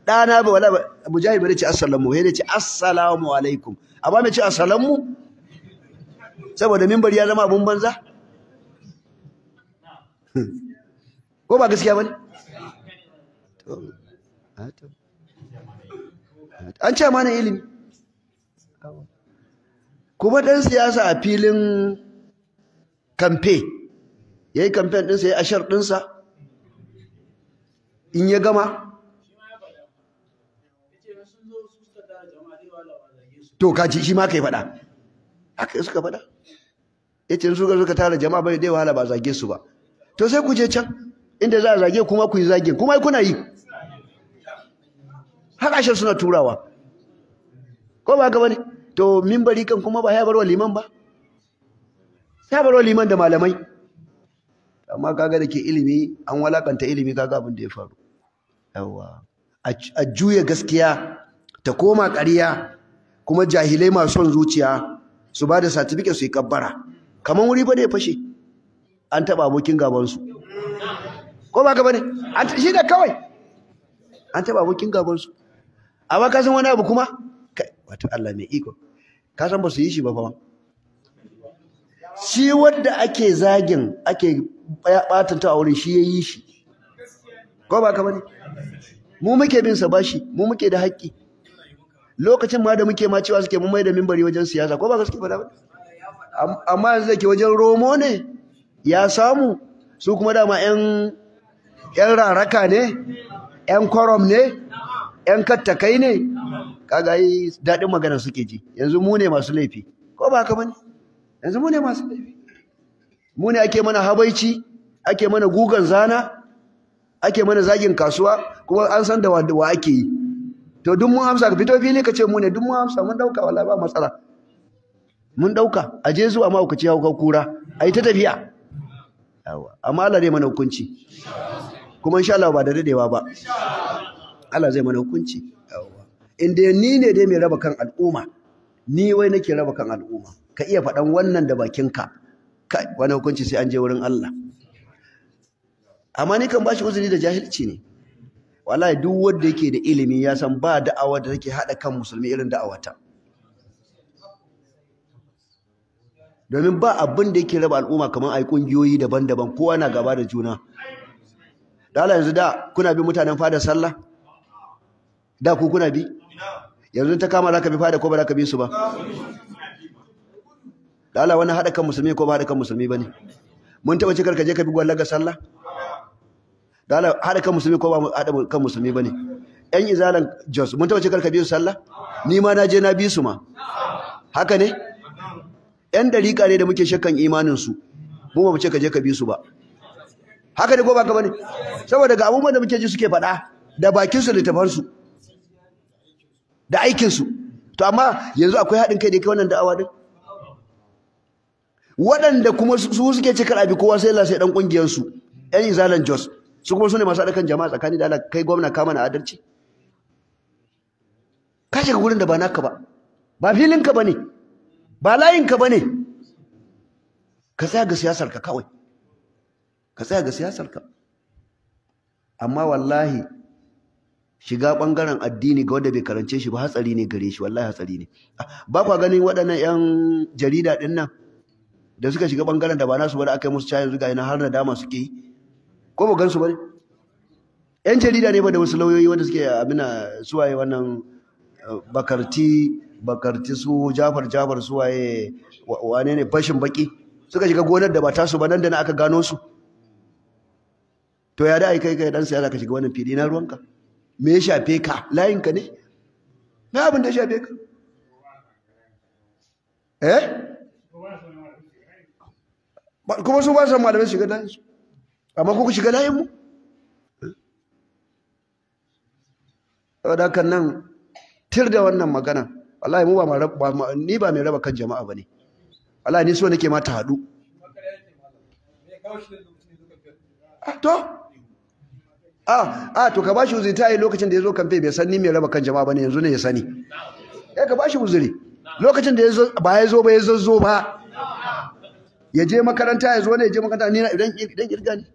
ɗana bai wala mujahid bai ce assalamu ya ce assalamu alaikum amma mai ce assalamu saboda mimbar ya zama abun banza [laughs] ko ba gaskiya ba ne? an ce mana ilimi kuma ɗan siyasa a filin kamfe ya yi kamfen ɗinsa ya yi ashar ɗinsa in ya gama to kaji shi ma kai faɗa haka suka faɗa yace su ga suka tara jama'a bai dai wahala ba zage su ba to sai ku je can inda za a zage kuma ku yi zage kuma kuna yi haka shi suna turawa ko ba ga bane to minbari kan kuma ba ya barwa liman ba ya barwa liman da malamai amma kaga da ke ilimi an walakanta ilimi kaga abin da ya faru a juya gaskiya ta koma ƙarya kuma jahilai masu son zuciya su ba da certificate su yi kabbara kamar wuri ba da ya fashe an taɓa abokin gabansu ko ba ka ba ne shi da kawai an taɓa abokin gabansu amma ka san wani abu kuma kai wato Allah mai iko ka san ba su yi shi ba fa shi wanda ake zagin ake batanta a wurin shi ya yi shi ko ba ka bane mu muke bin sa bashi mu muke da haƙƙi lokacin ma da muke ma cewa suke mun mai da minbari wajen siyasa ko ba ka suke faɗa ba amma yanzu dake wajen romo ne ya samu su kuma dama ƴan ƴan raraka ne ƴan kwarom ne ƴan kattakai ne kaga yi daɗin magana suke ji yanzu mu ne masu laifi ko ba ka bane yanzu mu ne masu laifi mu ne ake mana habaici ake mana gugan zana ake mana zagin kasuwa kuma an san da wa ake yi to duk mun amsa ka fito fili ka ce mu ne duk mun amsa mun dauka wallahi ba matsala mun dauka a je zuwa ma ku ci hauka kura ai ta tafiya yawa amma Allah zai mana hukunci kuma insha Allah ba da dadewa ba Allah zai mana hukunci yawa inda ni ne dai mai raba kan al'umma ni wai nake raba kan al'umma ka iya faɗan wannan da bakinka kai wani hukunci sai an je wurin Allah amma ni kan bashi uzuri da jahilci ne wallahi duk wanda yake da ilimi ya san ba da'awa da take hada kan musulmi irin da'awata domin ba abin da yake raba al'umma kamar ai kungiyoyi daban-daban kowa na gaba da juna da Allah yanzu da kuna bi mutanen fada sallah da ku kuna bi yanzu ta kama zaka bi fada ko ba zaka bi su ba da Allah wani hada kan musulmi ko ba hada kan musulmi bane mun taba cikar ka je ka bi gwallaga sallah dala hada kan musulmi ko ba hada kan musulmi bane yan izalan jos mun tawace karka bi su sallah ni ma na je na bi su ma haka ne yan dariƙa ne da muke shakkan imanin su mu ba mu ce ka je ka bi su ba haka ne ko ba ka bane saboda ga abubuwan da muke ji suke faɗa da bakin su littafan su da aikin su to amma yanzu akwai haɗin kai da kai wannan da'awa din waɗanda kuma su suke cikar abi kowa sai Allah sai dan kungiyar su yan izalan jos su kuma su ne masu haɗakan jama'a tsakani da Allah kai gwamna kama na adalci ka shiga gurin da ba naka ba ba filinka ba ne ba layinka ba ne ka tsaya ga siyasarka kawai ka tsaya ga siyasarka amma wallahi shiga ɓangaren addini ga wanda bai karance shi ba hatsari ne gare shi wallahi hatsari ne ba kwa ganin waɗannan 'yan jarida ɗin nan da suka shiga ɓangaren da ba nasu ba da aka yi musu cayan zuga yana har dama suke yi ko ba gansu ba ne yan jarida ne ba da wasu lauyoyi wanda suke abina suwaye wannan eh, bakarti bakarti su jafar jafar suwaye wane ne fashin baki suka shiga gonar da ba tasu ba nan da na aka gano su to ya da ai kai kai dan siyasa ka shiga wannan fili na ruwanka me ya shafe ka layin ka ne na abin da ya shafe ka eh kuma su ba san malamai shiga dan su amma ku shiga mu saboda kan nan tir da wannan magana wallahi mu ba ni ba mai raba kan jama'a bane wallahi ni so nake ma ta hadu ah, to a ah, ah to ka bashi uzuri tayi lokacin da yazo kamfe bai san ni mai raba kan jama'a bane yanzu ne ya sani eh ka bashi uzuri lokacin da yazo ba yazo ba yazo zo ba ya je makaranta ya zo ne ya je makaranta ni na idan idan kirga ni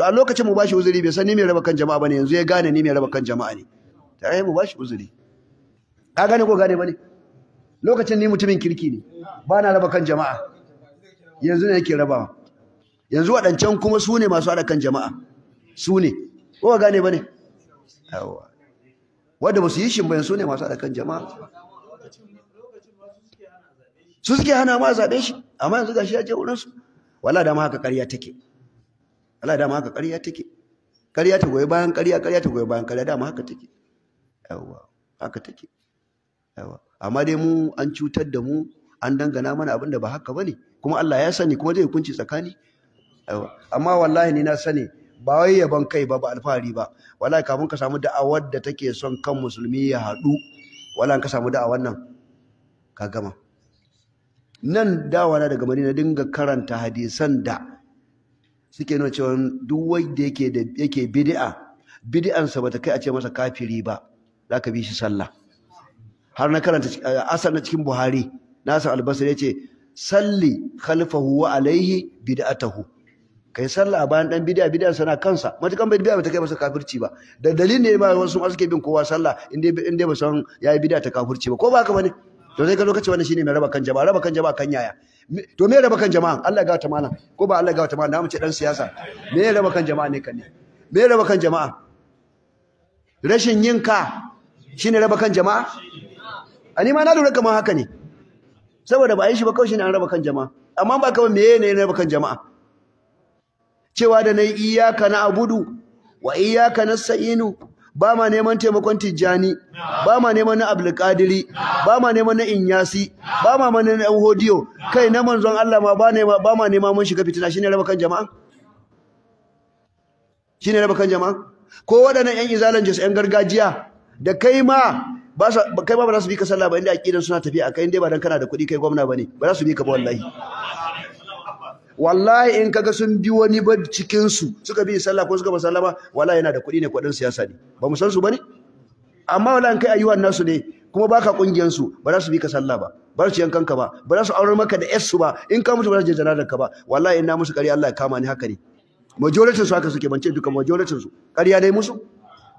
to a lokacin mu bashi uzuri bai san ni mai raba kan jama'a bane yanzu ya gane ni mai raba kan jama'a ne ta yi mu bashi uzuri ka gane ko gane bane lokacin ni mutumin kirki ne ba na raba kan jama'a yanzu ne yake rabawa yanzu waɗancan kuma su ne masu haɗa kan jama'a su ne ko gane bane yawa wanda ba su yi shin bayan su ne masu haɗa kan jama'a su suke hana ma zaɓe shi amma yanzu gashi ya je wurinsu wala da ma haka ƙarya take Allah dama haka ƙarya take ƙarya ta goyi bayan ƙarya ƙarya ta goyi bayan ƙarya dama haka take yawa haka take yawa amma dai mu an cutar da mu an dangana mana abin da ba haka bane kuma Allah ya sani kuma zai hukunci tsakani yawa amma wallahi ni na sani ba wai yaban kai ba ba alfahari ba wallahi kafin ka samu da'awar da take son kan musulmi ya haɗu wallahi ka samu da'a wannan ka gama nan dawana daga madina dinga karanta hadisan da suke nuna cewa duk wanda yake da yake bid'a sa bata kai a ce masa kafiri ba zaka bi shi sallah har na karanta eh, asar na cikin Buhari Nasir Albasir yace salli khalfahu wa alaihi bid'atuhu kai sallah bayan dan bid'a sa na kansa matukan bid'a bata kai masa kafirci ba da dalilin ne ma wasu ma suke bin kowa sallah inda inda ba san yayi bid'a ta kafirci ba ko ba haka bane to sai ka lokaci wannan shine mai raba kan jama'a raba kan jama'a kan yaya to me raba kan jama'a Allah ga ta mana. ko ba Allah ga ta mana da mu ce dan siyasa me raba kan jama'a ne kan ne me raba kan jama'a rashin yin ka shine raba kan jama'a ani ma na lura kaman haka ne saboda ba a yi shi ba kawai shine an raba kan jama'a amma ba kawai me ne raba kan jama'a cewa da nayi iyyaka na abudu wa iyyaka nasta'inu ba ma neman taimakon tijjani ba ma neman na abdulkadiri ba ma neman na inyasi ba ma neman na hodiyo kai na manzon Allah ma ba ba ma neman mun shiga fitina shine raba kan jama'a shine raba kan jama'a ko waɗannan yan izalan jesu yan gargajiya da kai ma ba sa kai ma ba za su bi ka sallah ba inda aqidan suna tafiya kai inda ba dan kana da kuɗi kai gwamna bane ba za su bi ka ba wallahi wallahi in kaga sun bi wani ba cikin su suka bi sallah ko suka ba sallah ba wallahi yana da kuɗi ne kuɗin siyasa ne ba mu san su bane amma wallahi kai ayyuhan nasu ne kuma baka kungiyan su ba za su bi ka sallah ba ba su yankan ka ba ba za su aurar maka da yar ba in ka mutu ba za su je janazar ka ba wallahi ina musu kari Allah ya kama ni haka ne majoritin su haka suke ban ce duka majoritin su ƙarya dai musu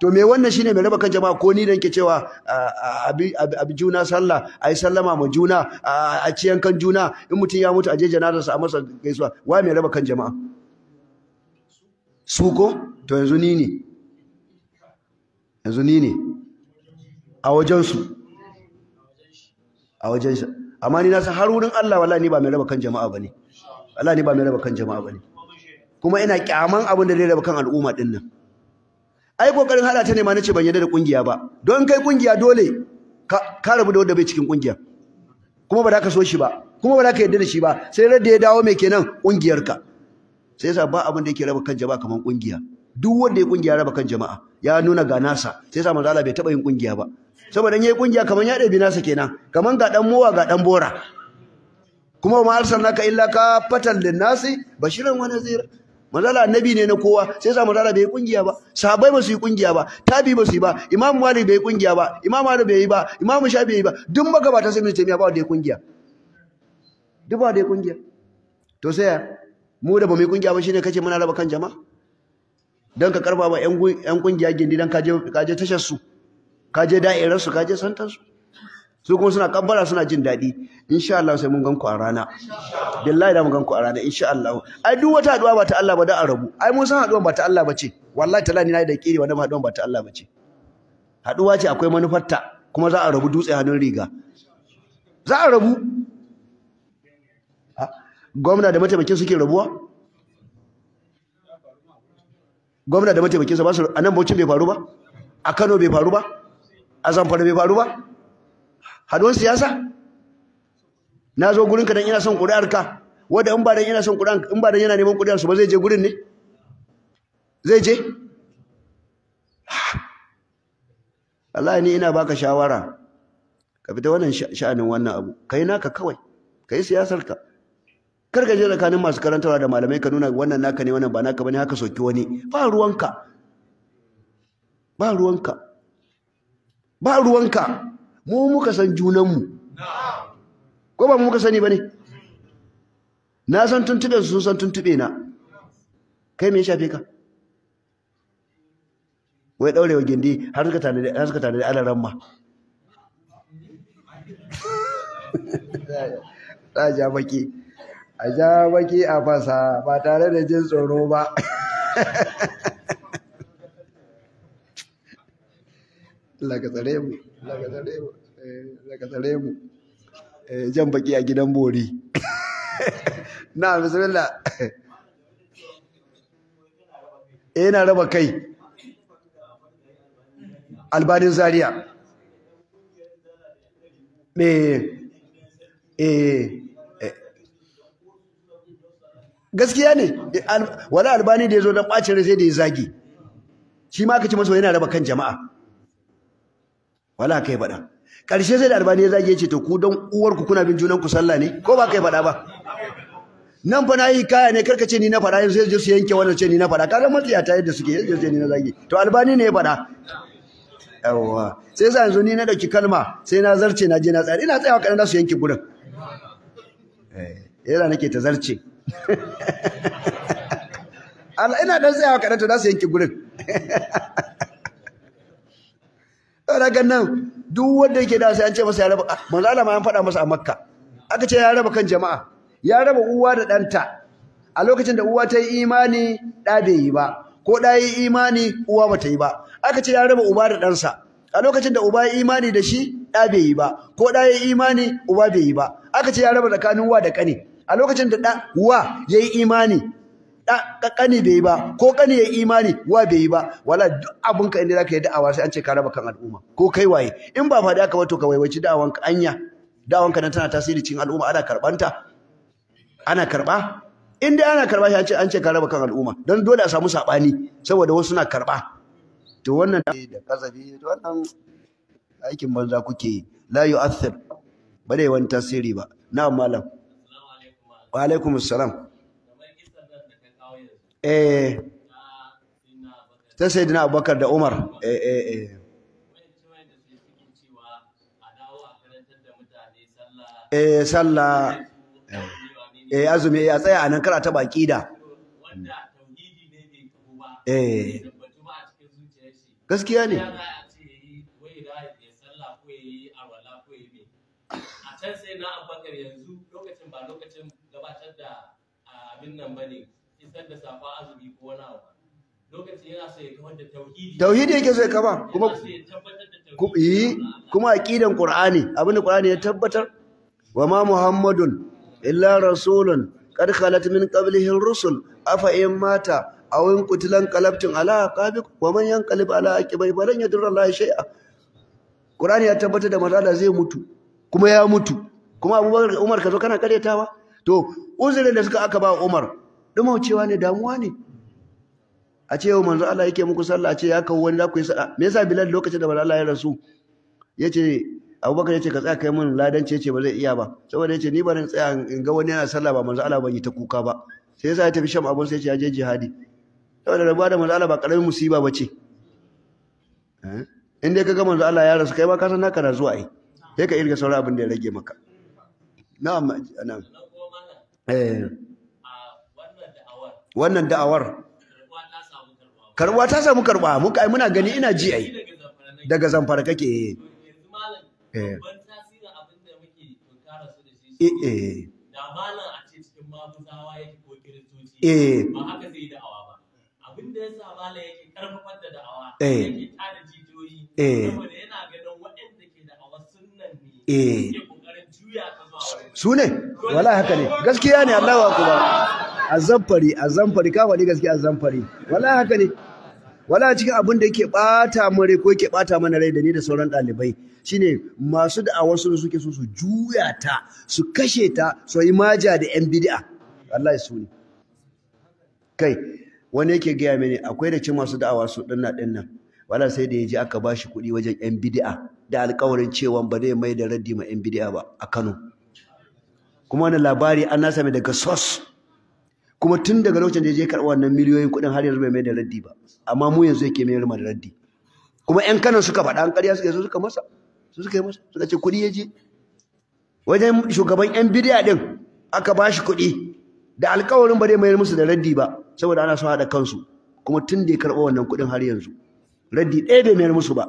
to me wannan shine mai raba kan jama'a ko ni da ke cewa a bi juna sallah a yi sallama ma juna a ciyan kan juna in mutum ya mutu a je janazarsa a masa gaisuwa wa mai raba kan jama'a su ko to yanzu ni ne yanzu ni ne a wajen su. a wajen shi amma ni na san har wurin Allah wallahi ni ba mai raba kan jama'a bane wallahi ni ba mai raba kan jama'a bane kuma ina kyaman abin da zai raba kan al'umma din nan ai kokarin hada ta ne ma nace ban yarda da kungiya ba don kai kungiya dole ka rabu da wanda bai cikin kungiya kuma ba za ka so shi ba kuma ba za ka yarda da shi ba sai rar da ya dawo mai kenan kungiyarka sai yasa ba abin da yake raba kan jama'a kaman kungiya duk wanda ya kungiya raba kan jama'a ya nuna ga nasa sai yasa manzo Allah bai taba yin kungiya ba saboda in yayi kungiya kaman ya dabi nasa kenan kaman ga dan mowa ga dan bora kuma ma arsalnaka illa ka fatal linnasi bashiran wa nazira manzala annabi ne na kowa sai sa manzala bai kungiya ba sahabbai ba su yi kungiya ba tabi ba su yi ba imamu malik bai kungiya ba imamu malik bai yi ba imamu shafi bai yi ba duk magabata sai mai taimiya ba da kungiya duk ba da kungiya to sai mu da ba mai kungiya ba shine kace muna raba kan jama'a dan ka karba ba yan kungiya gindi dan kaje kaje tashar su kaje da'irar su kaje santar su su kuma suna kabbara suna jin daɗi insha Allah sai mun ganku a rana billahi da mun ganku a rana insha Allah ai duk wata haduwa ba ta Allah ba da a rabu ai mun san haduwan ba ta Allah ba ce wallahi lani nayi da kiri wannan haduwan ba ta Allah ba ce haduwa ce akwai manufarta kuma za a rabu dutse hannun riga za a rabu gwamna da mataimakin suke rabuwa gwamna da mataimakin sa ba su anan bauchi bai faru ba a Kano bai faru ba a Zamfara bai faru ba haduwan siyasa na zo gurinka don ina son ƙuri'arka wadda in ba don ina son ƙuri'ar in ba don yana neman ƙuri'ar su ba zai je gurin ne zai je [sighs] Allah ni ina baka shawara ka fita wannan sha'anin wannan abu kai naka kawai kai siyasar ka kar ka je tsakanin masu karantarwa da malamai ka nuna wannan naka ne wannan ba naka bane haka soki wani ba ruwanka ba ruwanka ba ruwanka mu muka san junanmu ko ba mu muka sani ba ne na san tuntuɓe su san tuntuɓe na kai me ya shafe ka wai wa gindi har suka tana da alaran ma ta ja baki a ja baki a fasa ba tare da jin tsoro ba Like [laughs] a tsare daga tsare eh, eh, jan baki a gidan bori [laughs] na bismillah [laughs] eh na raba kai albanin zaria me eh, eh gaskiya ne wani albani da ya zo don ɓacin rai sai da ya zagi shi ma aka ci masa yana raba kan jama'a wala kai faɗa Karshe sai da albani ya zage ce to ku don ku, kuna bin junanku sallah ne ko ba kai faɗa ba nan fa na yi kaya ne karka ce ni na faɗa yanzu sai su yanke wannan ce ni na faɗa kaga matsiya ta yadda suke yanzu sai ni na zage to albani ne ya faɗa yawa sai sai yanzu ni na dauki kalma sai na zarce na je na tsaya ina tsayawa kana su yanke gurin eh yana nake ta zarce [laughs] Allah ina dan tsayawa kana to da su yanke gurin [laughs] ragan nan duk wanda yake da sai an ce masa ya raba manzo Allah ma an faɗa masa a Makka aka ce ya raba kan jama'a ya raba uwa da danta a lokacin da uwa ta yi imani da bai yi ba ko da yi imani uwa ba ta yi ba aka ce ya raba uba da dansa a lokacin da uba ya imani da shi da bai yi ba ko da ya imani uba bai yi ba aka ce ya raba tsakanin uwa da kani a lokacin da uwa yayi imani kani bai yi ba ko kani ya imani wa bai yi ba wala duk abin ka inda zaka yi da'awa sai an ce ka raba kan al'umma ko kai waye in ba faɗi aka wato ka waiwaci da'awan ka anya da'awan ka nan tana tasiri cikin al'umma ana karbanta ana karba in dai ana karba shi an ce ka raba kan al'umma don dole a samu sabani saboda wasu na karba to wannan da to wannan aikin banza kuke yi la yu'athir ba dai wani tasiri ba na'am malam wa alaikumus salam eh ta sayyidina abubakar da umar eh eh eh eh sallah eh azumi ya tsaya a nan karata a taɓa
eh gaskiya ne
can sai na abubakar yanzu lokacin ba lokacin gabatar da ah, abin nan bane fitar da safa azumi ko wani abu lokacin yana ya kawar tauhidi tauhidi yake so kama kuma kuma aqidan qur'ani da qur'ani ya tabbatar wa ma muhammadun illa rasulun qad khalat min qablihi ar-rusul afa in mata aw in qutilan qalabtum ala aqabik wa man yanqalib ala aqibai balan yadurra Allah shay'a qur'ani ya tabbatar da da zai mutu kuma ya mutu kuma Abubakar Umar kazo kana karyatawa to uzurin da suka aka ba Umar cewa ne damuwa ne a ce yau manzo Allah yake muku sallah a ce ya kawo wani za ku yi sa'a me yasa Bilal lokacin da manzo Allah ya rasu yace Abubakar yace ka tsaya kai mun ce-ce ba zai iya ba saboda yace ni barin tsaya in ga wani yana sallah ba manzo Allah ban yi ta kuka ba sai yasa ya tafi sham abun sai yace ya je jihadi saboda rabuwa da manzo Allah ba karamin musiba bace eh in dai kaga manzo Allah ya rasu kai ma ka san naka na zuwa ai sai ka irga sauran abin da ya rage maka na'am na'am eh wannan da'awar karuwa ta samu karuwa muka ai muna gani ina ji ai daga zamfara kake eh eh eh eh
eh eh eh ba eh eh yasa eh yake karfafar da da'awa eh eh eh eh
yana ganin waɗanda
ke eh sunnan ne
su ne wala haka ne gaskiya ne Allahu akbar azamfari azamfari ka faɗi gaskiya azamfari wala haka ne wala cikin abin da yake bata mu rai ko yake bata mana rai da ni da sauran ɗalibai shine masu da awasu suke so su juya ta su kashe ta su yi maja da yan bid'a wallahi su ne kai wani yake gaya mini akwai da cin masu da'awa su dinna nan. wala sai da yaji aka bashi kuɗi wajen yan bid'a da alƙawarin cewa ba zai mai da raddi ma yan bid'a ba a Kano kuma wannan labari an nasa mai daga sos kuma tun daga lokacin da je karɓi wannan miliyoyin kuɗin har yanzu bai mai da raddi ba amma mu yanzu yake mai da raddi kuma ƴan kanan suka faɗa an ƙarya suka suka masa su suka yi masa suka ce kuɗi ya je wajen shugaban ƴan bidiya ɗin aka ba shi kuɗi da alƙawarin ba zai mayar musu da raddi ba saboda ana so haɗa kansu kuma tun da ya karɓa wannan kuɗin har yanzu raddi ɗaya bai mayar musu ba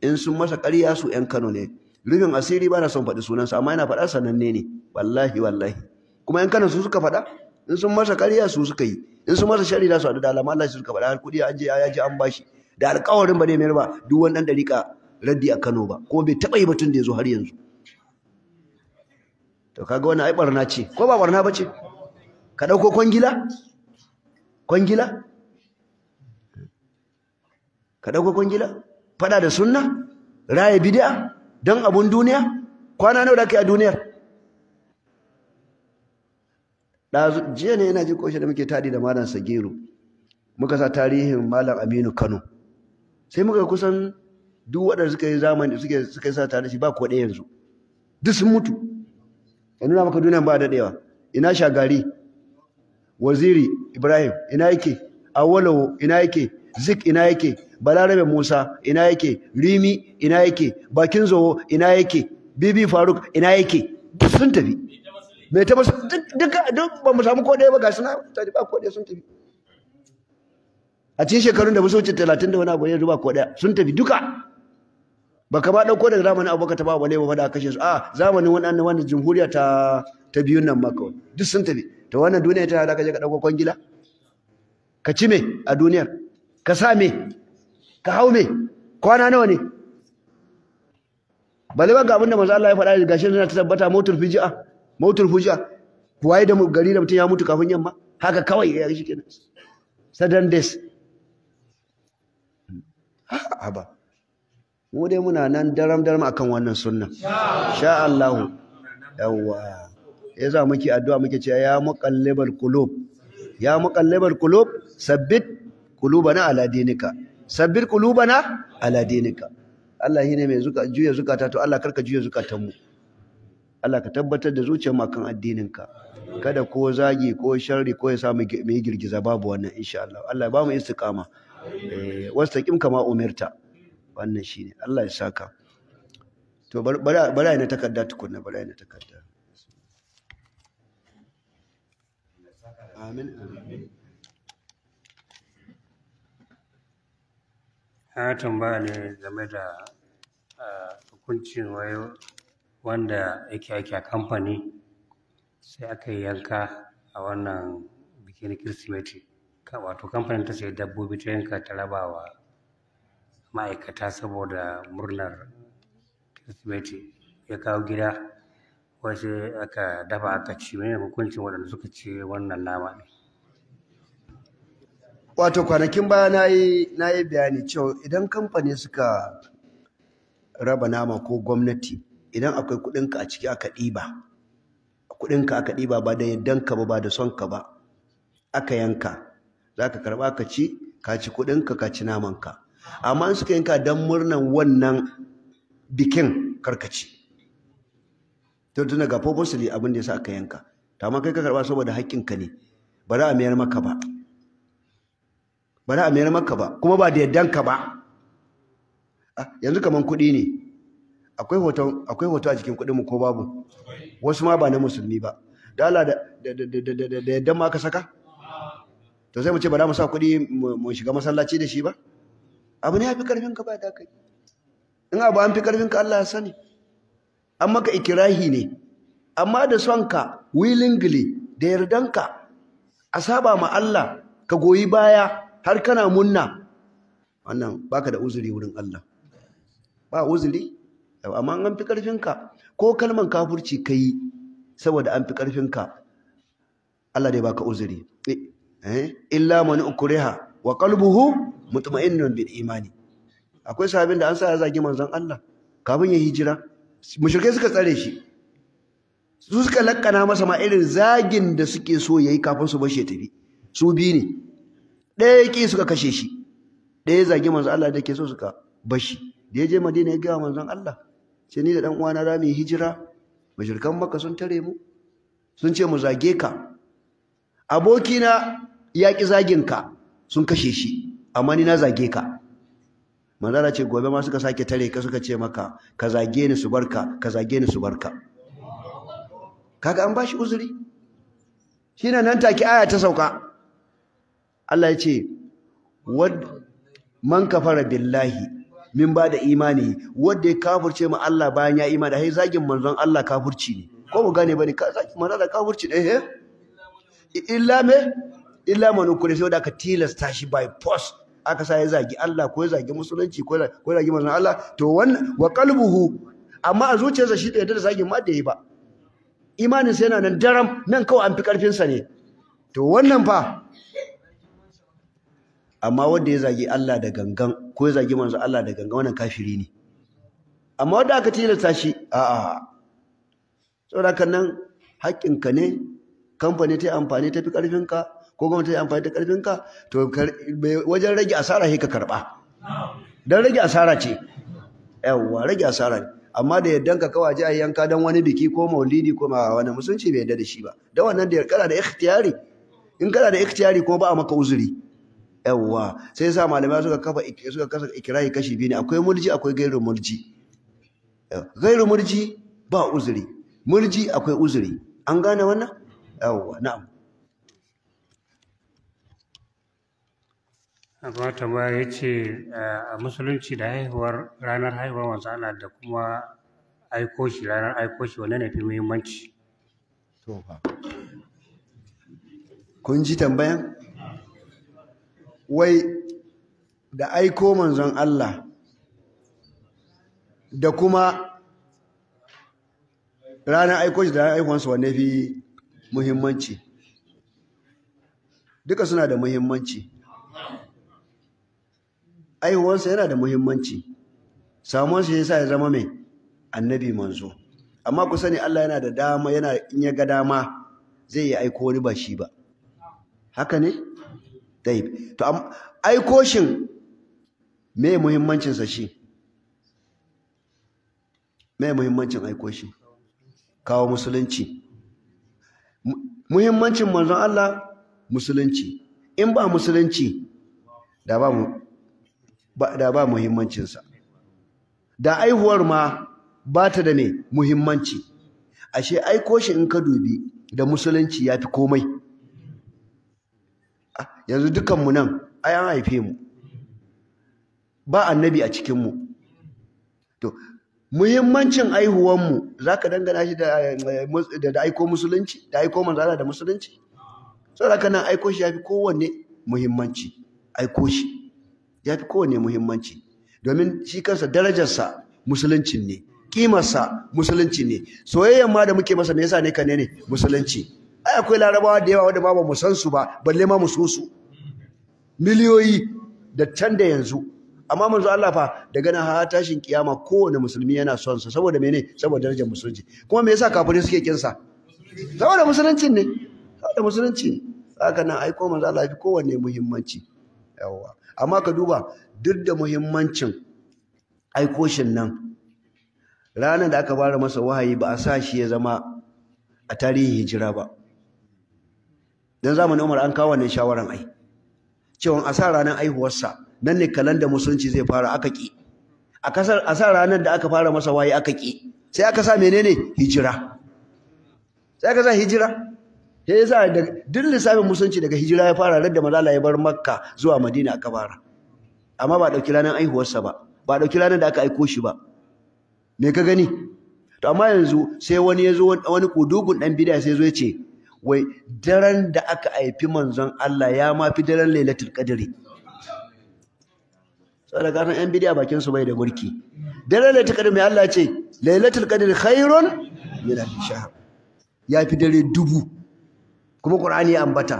in sun masa ƙarya su ƴan kano ne rufin asiri ba na son faɗi sunansa amma yana faɗa sananne ne wallahi wallahi kuma yan kana su suka faɗa in sun masa ƙarya su suka yi in sun masa shari'a su haɗu da alama Allah su suka faɗa har kuɗi an je ya ji an bashi da alƙawarin ba ne mai ba duk wani ɗan ɗariƙa raddi a Kano ba kuma bai taɓa yi batun da ya zo har yanzu to kaga wannan ai barna ce ko ba barna ce? ka ɗauko kwangila kwangila ka ɗauko kwangila faɗa da sunna raya bid'a don abun duniya kwana nawa da kai a duniyar jiya ne yana ji koshe da muke tadi da malam sagiru muka sa tarihin malam aminu kano sai muka kusan duk waɗanda suka yi zamani suke suka sa tare shi ba ko ɗaya yanzu duk sun mutu ya nuna maka duniya ba daɗewa ina shagari waziri ibrahim ina yake awolowo ina yake zik ina yake balarabe musa ina yake rimi ina yake bakin zowo ina yake bibi faruk ina yake sun tafi mai ta basu duka duk ba mu samu ko ɗaya ba ga suna ta ba ko ɗaya sun tafi a cikin shekarun da ba su wuce talatin da wani abu ne ba ko ɗaya sun tafi duka Ba ka ba ɗauko daga zamanin abubakar ta ba wale ba da kashe su a zamanin wani wani jamhuriya ta ta biyun nan maka duk sun tafi to wannan duniya ta da ka je ka ɗauko kwangila ka ci me a duniyar ka sa me ka hau me kwana nawa ne Ba ba ga abinda masu Allah ya faɗa gashi yana ta tabbata motul fuji'a motar fuji'a waye da gari da mutum ya mutu kafin yamma haka kawai ya shi kenan sadan des haba mu dai muna nan daram daram akan wannan sunna sha Allah yawa ya za muke addu'a muke cewa ya muqallibal qulub ya muqallibal qulub sabbit qulubana ala dinika sabbir qulubana ala dinika Allah shine mai zuka juya zukata to Allah karka juya zukatan mu Allah ka tabbatar da zuciyar mu kan addininka kada ko zagi ko sharri ko ya sa mu girgiza babu wannan insha Allah Allah ba mu istiqama eh wastaqim kama umirta wannan shine Allah ya saka to bari ina takarda tukunna bari ina takarda amin amin
Na tambaya ne game da ah, hukuncin wayo wanda yake aiki a kamfani sai aka yi yanka a wannan bikin Kirsimeti. Wato kamfanin ta sayi dabbobi ta yanka ta raba wa ma'aikata saboda murnar Kirsimeti ya kawo gida wasu aka dafa aka ci mene hukuncin waɗanda suka ci wannan nama ne.
wato kwanakin baya na yi bayani cewa idan kamfani suka raba nama ko gwamnati idan akwai kuɗinka a ciki aka ɗiba kuɗinka aka ɗiba ba da yardanka ba ba da sonka ba aka yanka za ka karɓa ka ci ka ci kuɗinka ka ci namanka amma in suka yanka don murnan wannan bikin karkaci to tun daga purposely abin da ya sa aka yanka Ta ma kai ka karba saboda haƙƙinka ne ba za a mayar maka ba ba na a maka ba kuma ba da yardanka ba ah, yanzu kaman kuɗi ne akwai hoton akwai hoto a cikin kuɗin mu ko babu wasu ma ba na musulmi ba da Allah da yardan ma ka saka to sai mu ce ba za mu sa kuɗi mu shiga masallaci da shi ba abu ne ya fi karfin ka ba da kai in abu an fi karfin ka Allah ya sani an maka ikirahi ne amma da son ka willingly da yardanka a saba ma Allah ka goyi baya har kana munna wannan baka da uzuri wurin Allah ba uzuri amma an fi karfinka ko kalman kafurci kai saboda an fi karfinka Allah dai baka uzuri eh, eh illa man ukriha wa qalbuhu mutma'innun bil imani akwai sahabin da an sa ya zagi manzon Allah kafin ya hijira mushrike suka tsare shi su suka lakkana masa ma irin zagin da suke so yayi kafin su shi tafi su bi ne ɗaya ƙi suka kashe shi ɗaya zagi manzon Allah da ke so suka bashi da ya je madina ya gaya manzon Allah ce ni da ɗan uwana za mu yi hijira mashirkan maka sun tare mu sun ce mu zage ka abokina ya ƙi ka sun kashe shi amma ni na zage ka Mazara ce gobe ma suka sake tare ka suka ce maka ka zage ni su barka ka zage ni su barka kaga an bashi uzuri Shi na nan take aya ta sauka Allah ya ce man kafara billahi min ba da imani wadda ya kafurce ma Allah bayan ya imani hai zagin manzon Allah kafurci ne ko mu gane bane ka zagin manzon Allah kafurci ne eh illa me illa man kure sai da aka tilasta shi by post aka sa ya zagi Allah ko ya zagi musulunci ko ya zagi manzon Allah to wannan wa qalbuhu amma a zuciyarsa shi da yadda zagin ma da yi ba imanin sai yana nan daram nan kawai an fi karfin sa ne to wannan fa amma wanda ya zagi Allah da gangan ko ya zagi manzo Allah da gangan wannan kafiri ne amma wanda aka tilasta shi a'a saboda kan nan haƙƙinka ne kamfani ta yi amfani ta fi ƙarfinka ko gwamnati ta amfani ta ƙarfinka to wajen rage asara sai ka karɓa Dan rage asara ce yawwa rage asara ne amma da yaddan ka kawa ji a yanka don wani biki ko maulidi ko wani musulunci bai yadda da shi ba Da wannan da kana da ikhtiyari in kana da ikhtiyari ko ba a maka uzuri yawwa sai sa malamai suka kafa suka kasa ikirahi kashi biyu ne akwai murji akwai gairu murji gairu murji ba uzuri murji akwai uzuri an gane wannan yawwa na'am
ta ba ya ce eh, a musulunci da haihuwar ranar haihuwar wanzu ana da kuma aiko shi ranar aiko shi wane ne fi muhimmanci
kun ji tambayan wai da aiko manzon Allah da kuma ranar aiko shi da ranar aikonsa wanne fi muhimmanci duka suna da muhimmanci aihuwansa yana da muhimmanci samuwansa ya sa ya zama mai annabi manzo amma ku sani Allah yana da dama yana in ya ga dama zai yi aiko wani ba shi ba haka ne taib to am aiko shin me muhimmancin sa shi me muhimmancin aiko shi kawo musulunci muhimmancin manzon Allah musulunci in ba musulunci da ba mu da ba muhimmancin sa da aihuwar ma ba ta da ne muhimmanci ashe aiko shi in ka dubi da musulunci ya fi komai yanzu dukanmu nan ai an haife mu ba annabi a cikinmu to muhimmancin aihuwanmu za ka dangana shi da aiko musulunci da aiko manzana da musulunci sau da nan aiko shi ya fi kowanne muhimmanci aiko shi ya fi kowanne muhimmanci domin shi kansa darajarsa musuluncin ne kimarsa musulunci ne soyayyen ma da muke masa me yasa ne ka ne ne musulunci ai akwai larabawa da yawa wanda ba mu san su ba balle ma mu so su miliyoyi da can da yanzu amma manzo Allah fa daga nan har tashin kiyama kowane musulmi yana son sa saboda mene saboda darajar musulunci kuma me yasa kafiri suke kin sa saboda musulunci ne saboda musulunci haka nan ai ko manzo Allah fi kowanne muhimmanci yawa amma ka duba duk da muhimmancin aikoshin nan ranar da aka bara masa wahayi ba a sa shi ya zama a tarihin hijira ba dan zamanin Umar an kawo wannan shawaran ai cewa a sa ranar aihuwarsa nan ne kalanda musulunci zai fara aka ki a kasar a sa ranar da aka fara masa waye aka ki sai aka sa menene hijira sai aka sa hijira sai ya sa duk lissafin musulunci daga hijira ya fara radda malala ya bar makka zuwa madina aka fara amma ba ɗauki ranar aihuwarsa ba ba ɗauki ranar da aka aiko shi ba me ka gani to amma yanzu sai wani ya zo wani kudugun ɗan bida sai zo ya ce wai daren da aka haifi manzon Allah ya ma fi daren lailatul qadri saboda ganin yan bidiya bakin su bai da gurki daren lailatul qadri mai Allah ce lailatul qadri khairun min al-shahr ya fi dare dubu kuma qur'ani ya ambata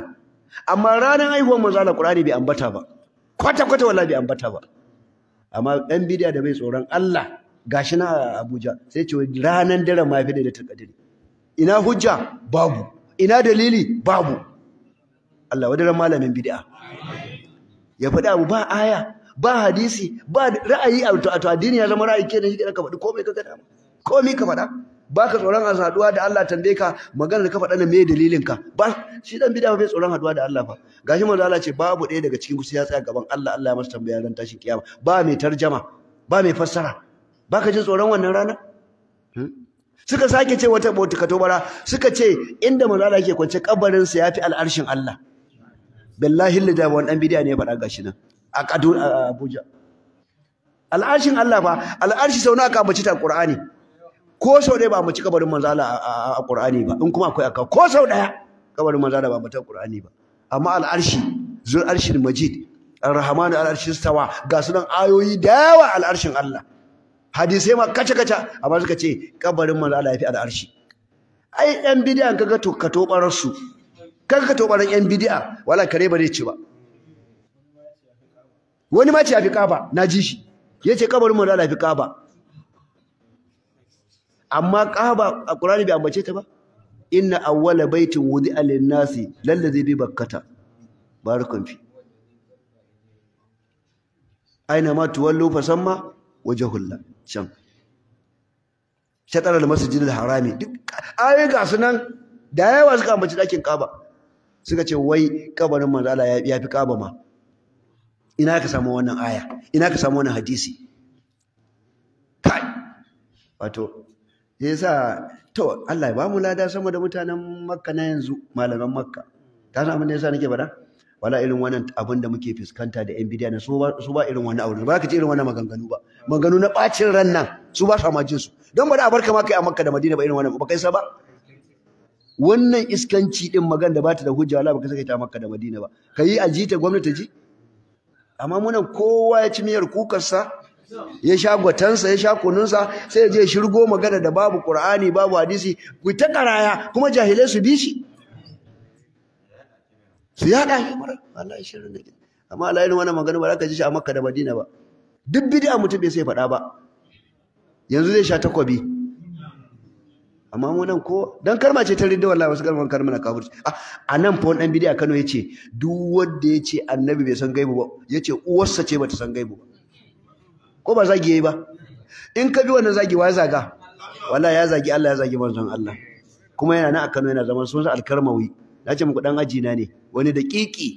amma ranar haihuwar manzon Allah qur'ani bai ambata ba kwata kwata wallahi bai ambata ba amma yan bidiya da bai tsoron Allah gashi na Abuja sai ce ranan dare ma fi da ina hujja babu ina dalili babu Allah wadaran malamin bid'a ya faɗi abu ba aya ba hadisi ba ra'ayi a to addini ya zama ra'ayi kenan shi ka faɗi komai ka gada komai ka faɗa baka tsoron a haduwa da Allah tambaye ka maganar ka faɗa na me dalilin ka ba shi dan bid'a bai tsoron haduwa da Allah fa gashi manzo Allah ce babu ɗaya daga cikin ku sai ya tsaya gaban Allah Allah ya masa tambaya ran tashin kiyama ba mai tarjama ba mai fassara Ba ka jin tsoron wannan rana hmm? suka sake ce wata bautuka tobara suka ce inda manzala yake kwance kabarin sa yafi al'arshin Allah billahi lida wani dan bidiya ne ya faɗa gashi nan a Kaduna Abuja al'arshin Allah fa al'arshi sau na ka bace ta Qur'ani ko sau ɗaya ba mu ci kabarin manzala a Qur'ani ba in kuma akwai aka ko sau ɗaya kabarin manzala ba mu ta Qur'ani ba amma al'arshi zul arshil majid ar-rahman al Sawa, stawa ga sunan ayoyi da yawa al'arshin Allah hadisai ma kaca kaca amma suka ce kabarin manzo Allah ya fi al'arshi ai yan bid'a kaga to ka tobarar su kaga ka tobarar yan bid'a wala kare ba zai ci ba wani ma ce ya fi kaba na ji shi yace kabarin manzo Allah ya fi kaba amma kaba a Qur'ani bai ambace ta ba inna awwala baitin wudi'a lin-nasi zai bi bakkata barakan fi aina ma tuwallu fasamma wajhullah can shatarar masjidil harami duk ayi ga sunan da yawa suka ambaci dakin kaba suka ce wai kabarin manzo Allah ya fi kaba ma ina ka samu wannan aya ina ka samu wannan hadisi kai wato yasa to Allah ya bamu lada sama da mutanen Makka na yanzu malaman Makka Ta san abin da yasa nake bada wala irin wannan abin da muke fuskanta da yan bidiya na, su ba irin wannan aure ba ka ji irin wannan maganganu ba maganu na bacin ran nan su ba su jin su don ba da abarka ma kai a Makka da Madina ba irin wannan ba kai sa ba wannan iskanci din magana da ba ta da hujja wala ba kai saka ta Makka da Madina ba kai a jita gwamnati ji amma munan kowa ya ci miyar kukarsa ya sha gwatansa ya sha kununsa sai ya je shirgo magana da babu Qur'ani babu hadisi ku ta karaya kuma jahilai su bi shi su yada shi mara wallahi shirin amma Allah yana wannan magana ba za ka ji shi a Makka da Madina ba duk bid'a mutum bai sai faɗa ba yanzu zai sha takwabi amma mu nan ko dan karma ce ta ridda wallahi wasu karman karma na kafirci a nan fa wannan bid'a Kano yace duk wanda yace annabi bai san gaibu ba yace uwarsa ce bata san gaibu ba ko ba zagi yayi ba in ka bi wannan zagi wa zaga wallahi ya zagi Allah ya zagi manzon Allah kuma yana nan a Kano yana zaman sunan alkarmawi nace muku dan ajina ne wani daƙiƙi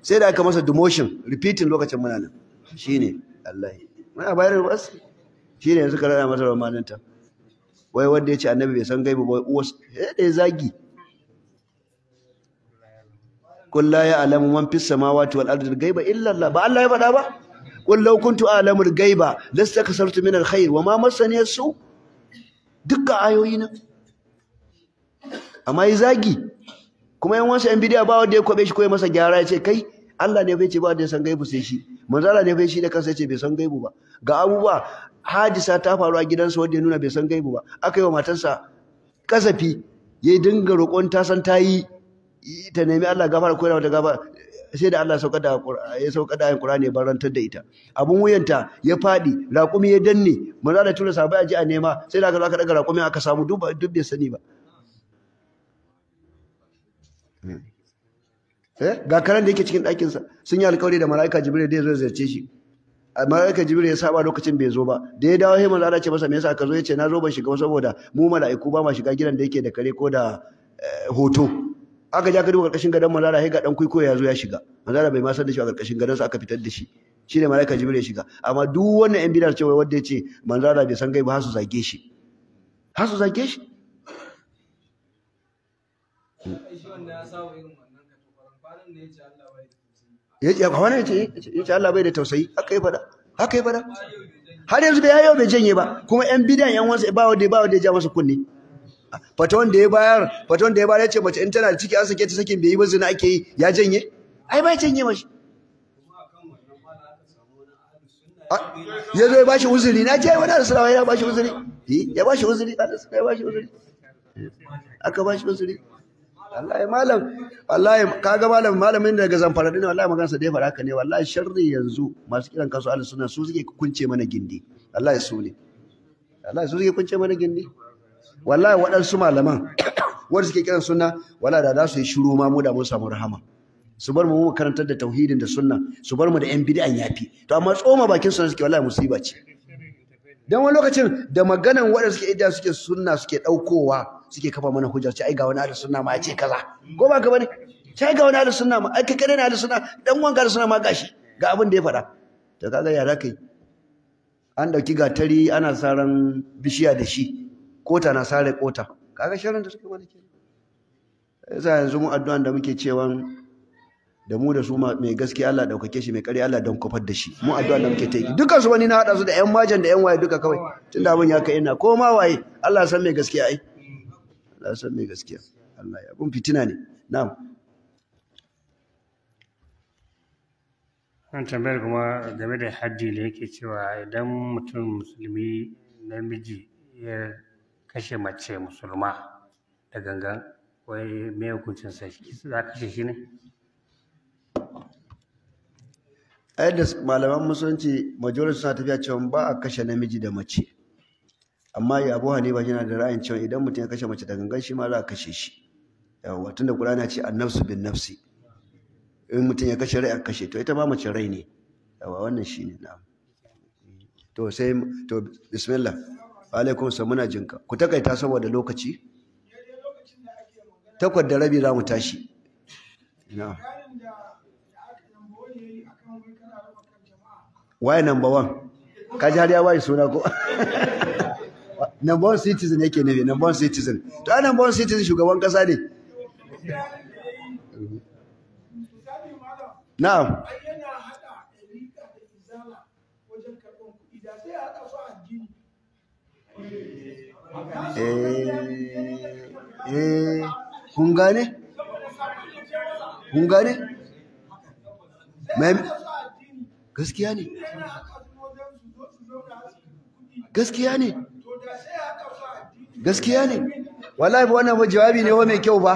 sai da aka masa demotion repeating lokacin muna nan Shi ne, Allah muna bayar da wasu ne yanzu rana masa romaninta wai wanda ya ce annabi bai san gaibu ba uwas eh, da ya zagi qul la alamu man fissa samawati wal ardi gaiba illa Allah ba Allah ya faɗa ba qul law kuntu a'lamu al gaiba lastakasartu min al khair wa ma massani as-su dukkan ayoyi nan. amma yi zagi kuma yan wasu yan bidiya ba wanda ya kwabe shi ko ya masa gyara ya ce kai Allah ne bai ce ba wanda ya san gaibu sai shi manzala ne fa shi da kansa yace bai san gaibu ba ga abubuwa hadisa ta faru a gidansa wanda ya nuna bai san gaibu ba aka yi wa matarsa kasafi ya dinga roƙon ta san ta yi ta nemi Allah gafara ko da gafara sai da Allah sauka da ya sauka da Qur'ani ya barantar da ita abun wuyanta ya fadi raƙumi ya danne Manzara tura sabai aji a nema sai da aka aka daga raƙumin aka samu duk duk bai sani ba Eh? ga karan da yake cikin ɗakinsa sun yi alkawari da mala'ika jibril da zai zo ziyarce shi mala'ika jibril ya saba lokacin bai zo ba da ya dawo sai manzo ce masa me yasa ka zo ya ce na zo ban shiga saboda mu mala'iku ba ma shiga gidan da yake da kare ko da eh, hoto aka ja ka duba karkashin gadon manzo sai ga dan kuiko ya zo ya shiga manzo bai ma san da shi a karkashin gadon sa aka fitar da shi shine mala'ika jibril ya shiga amma duk wannan yan bidar cewa wanda ya ce manzo bai san gai ba su zage shi har su zage shi shi
ya
ya wani ce ya Allah bai da tausayi haka ya fada haka ya fada har yanzu bai hayo bai janye ba kuma yan bidan yan wansa ba wanda ba wanda ya ja masa kunni faton da ya bayar faton da ya bayar ce mace in tana da ciki an sake ta sakin bai yi ba zina ake yi ya janye ai bai janye mashi ya zo ya bashi uzuri na je wani arsalawa ya bashi uzuri eh, ya bashi uzuri ya bashi uzuri eh, aka bashi uzuri wallahi malam wallahi kaga malam malamin daga zamfara dinne wallahi magansa da ya fara haka ne wallahi sharri yanzu masu kiran kansu ahlus sunna su suke kunce mana gindi wallahi su ne wallahi su suke kunce mana gindi wallahi waɗansu malaman [coughs] wanda suke kiran sunna wallahi da za su yi shiru ma mu da mun samu rahama su bar mu mu karantar da tauhidin da sunna su bar mu da yan bid'an yafi to amma tsoma bakin sunna suke wallahi musiba ce dan wani lokacin da maganan waɗanda suke idda suke sunna suke ɗaukowa suke kafa mana hujjar ce ai ga wani ahlus ma ya ce kaza ko ba ka bane ce ai ga wani ahlus ma ai ka kare na ahlus dan uwan ka ahlus ma gashi ga abin da ya faɗa to kaga ya zaka yi an dauki gatari ana saran bishiya da shi kota na sare kota kaga sharan da suke wani ke yasa yanzu mu addu'an da muke cewa da mu da su mai gaskiya Allah daukake shi mai kare Allah don kofar da shi mu addu'a da muke taiki yi su wani na hada su da yan majan da yan waye duka kawai tunda abin ya kai ina ko ma waye Allah san mai gaskiya ai Allah san mai gaskiya Allah ya kun fitina ne na'am
an tambayar kuma game da haddi da yake cewa idan mutum musulmi namiji ya kashe mace musulma da gangan wai me hukuncin sa shi za kashe shi ne
A yadda malaman musulunci majalisar suna tafiya cewa ba a kashe namiji da mace amma ya abu hanifa yana da ra'ayin cewa idan mutum ya kashe mace da gangan shi ma za a kashe shi yawa da qur'ani ce nafsu bin nafsi in mutum ya kashe rai a kashe to ita ma mace rai ne yawa wannan shi ne na to sai to bismillah alaikum salam muna jinka ku takaita saboda lokaci takwas da rabi za mu tashi na waye number 1 kaji har ya waye suna ko [laughs] number one citizen yake nufi number one citizen to ai number one citizen shugaban kasa ne na'am
eh,
eh, kun gane? kun gane? gaskiya ne gaskiya ne gaskiya ne wallahi ba wannan ba jawabi ne wa mai kyau ba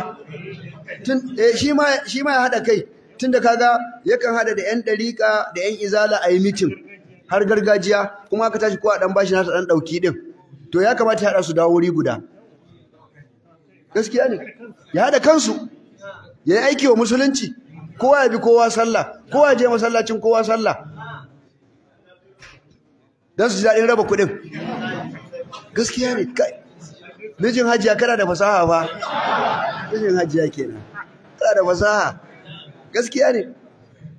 tun eh, shi ma shi ma ya hada kai tunda kaga yakan hada da yan dariƙa da yan izala a yi mitin har gargajiya kuma aka tashi ko a dan bashi nasa dan dauki din to ya kamata ya hada su dawo wuri guda gaskiya ne ya hada kansu ya yi aiki wa musulunci kowa ya bi kowa sallah kowa ya je masallacin kowa sallah dan su ji daɗin raba kuɗin gaskiya ne kai mijin hajiya kana da fasaha ba mijin hajiya kenan kana da fasaha gaskiya ne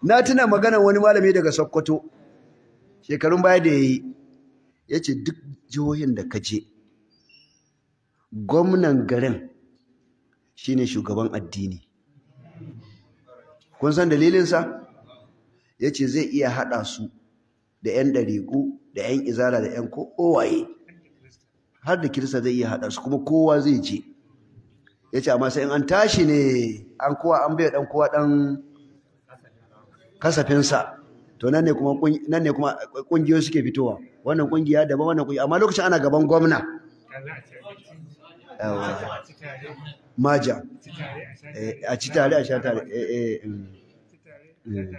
na tuna magana wani malami daga Sokoto shekarun baya da yayi ce duk jihohin da ka je gwamnan garin shine shugaban addini kun san dalilinsa Ya ce zai iya hada su da 'yan ɗariƙu da 'yan izara, da 'yan kowaye. har da kirista zai iya haɗa su kuma kowa zai je ya ce amma sai in an tashi ne an kowa an bai ɗan kowa ɗan kasafinsa to nan ne kuma nan ne kuma ƙungiyoyi suke fitowa wannan ƙungiya daban wannan kungiya amma lokacin ana gaban gwamna maja eh, a ci tare a sha tare eh, eh, mm.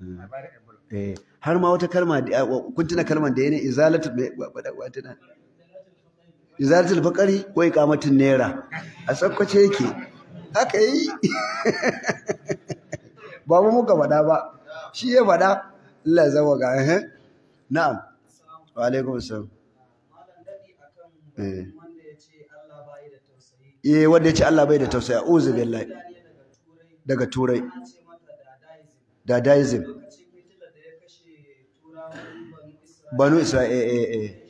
Mm.
har ma wata kalma kuntuna tuna kalmar da ya ne izalatu wata izalatul faqari ko iqamatin naira a sakkwace yake aka yi [laughs] ba mu muka faɗa ba shi ya faɗa Allah ya zawaga eh na'am wa alaikum assalam eh eh wanda ya ce Allah bai da tausayi a'udhu billahi daga turai dadaism banu isra'ila eh eh eh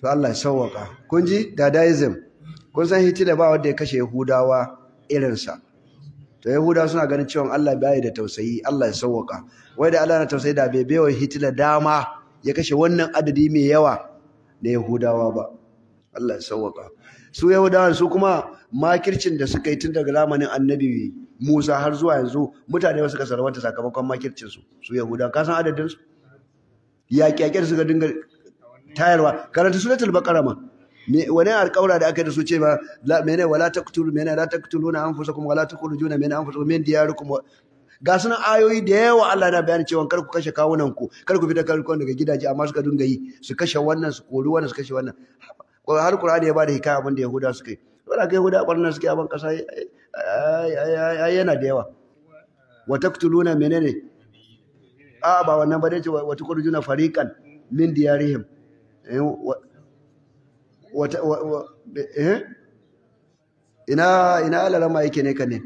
to Allah sawwaka kun ji dadaism kun san hitila ba wanda ya kashe yahudawa irinsa to yahudawa suna ganin cewa Allah bai da tausayi Allah ya sawwaka wai da Allah na tausayi da bai baiwa hitila dama ya kashe wannan adadi mai yawa na yahudawa ba Allah ya sawwaka su yahudawa su kuma makircin da suka yi tun daga zamanin annabi Musa har zuwa yanzu mutane suka sarwanta sakamakon makircin su su yahudawa ka san adadin su yaƙe su suka dinga tayarwa karanta suratul baqara ma wani alƙawara da aka yi da su ce ma mene wala taqtul mene la taqtuluna anfusakum wala tukhrijuna min anfusakum min diyarikum ga sunan ayoyi da yawa Allah na bayani cewa kar ku kashe kawunan ku kar ku fita karkon daga gidaje amma suka dinga yi su kashe wannan su kori wannan su kashe wannan har Qur'ani ya bada hikaya abin da Yahuda suka yi wala kai Yahuda barna suke abin kasa yana da yawa wa taqtuluna menene a ba wannan ba dai ce wa juna fariqan min diyarihim Eh, eh? ina ina alarama yake ne ka ne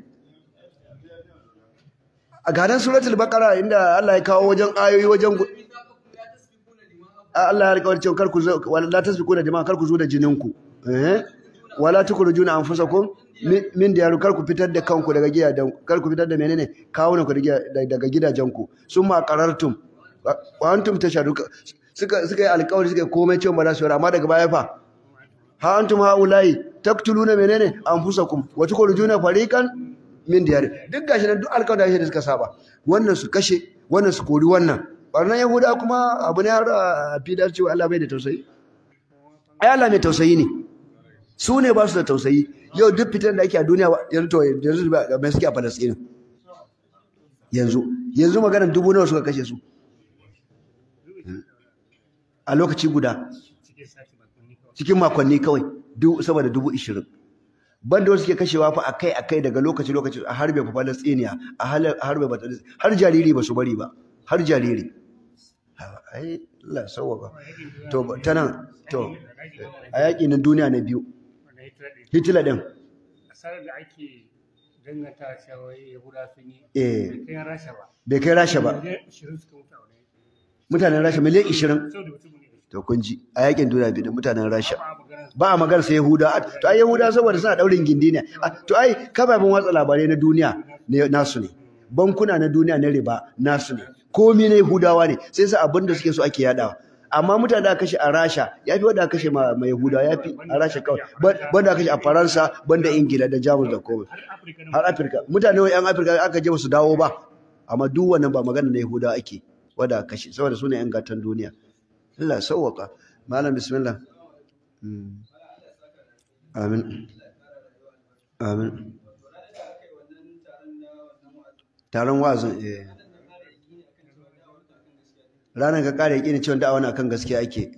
a gadan suratul baqara inda Allah ya kawo wajen ayoyi wajen Allah ya rikawar cewa karku wala da jama'a karku zo da jininku eh wala tukrujuna anfusakum min da yaro karku fitar da kanku daga gidajen karku fitar da menene kawunanku daga gidajen ku summa qarartum wa antum tashadu suka suka yi alƙawari suka komai cewa ba su yi amma daga baya fa ha antum haula'i taqtuluna menene anfusakum wa tukhrijuna fariqan min diyar duk gashi nan duk alƙawarin da suka saba wannan su kashe wannan su kori wannan barnan yahuda kuma abu ne har a fidar cewa Allah bai da tausayi ai Allah mai tausayi ne su ne ba su da tausayi yau duk fitan da ake a duniya yanzu to yanzu ba mai suke a Palestine yanzu yanzu maganar dubu nawa suka kashe su a lokaci guda cikin makonni kawai sama da dubu ishirin banda wasu ke kashewa fa akai akai daga lokaci lokaci a harbe fa falastiniya a harbe ba har jariri ba su bari ba har jariri ai Allah ba to nan to a yaƙi na duniya na biyu hitler ɗin.
sun yi eh. bai kai rasha ba
mutanen rasha miliyan ishirin. to kun ji a yakin duniya biyu mutanen Rasha ba a magana sai Yahuda to ai Yahuda saboda suna daurin gindi ne to ai kababen watsa labarai na duniya ne nasu ne bankuna na duniya na riba nasu ne komai ne Yahudawa ne sai su abin da suke so ake yadawa amma mutane da kashe a Rasha yafi wanda kashe mai Yahuda yafi a Rasha kawai banda kashe a Faransa banda Ingila da Jamus da komai har Afirka mutane wai yan Afirka aka je ba su dawo ba amma duk wannan ba magana na Yahuda ake wanda kashe saboda su ne yan gatan duniya Allah sauwaka malam bismillah hmm. amin amin taron wazin eh ranan ka kare yaƙini cewa da'awa na kan gaskiya ake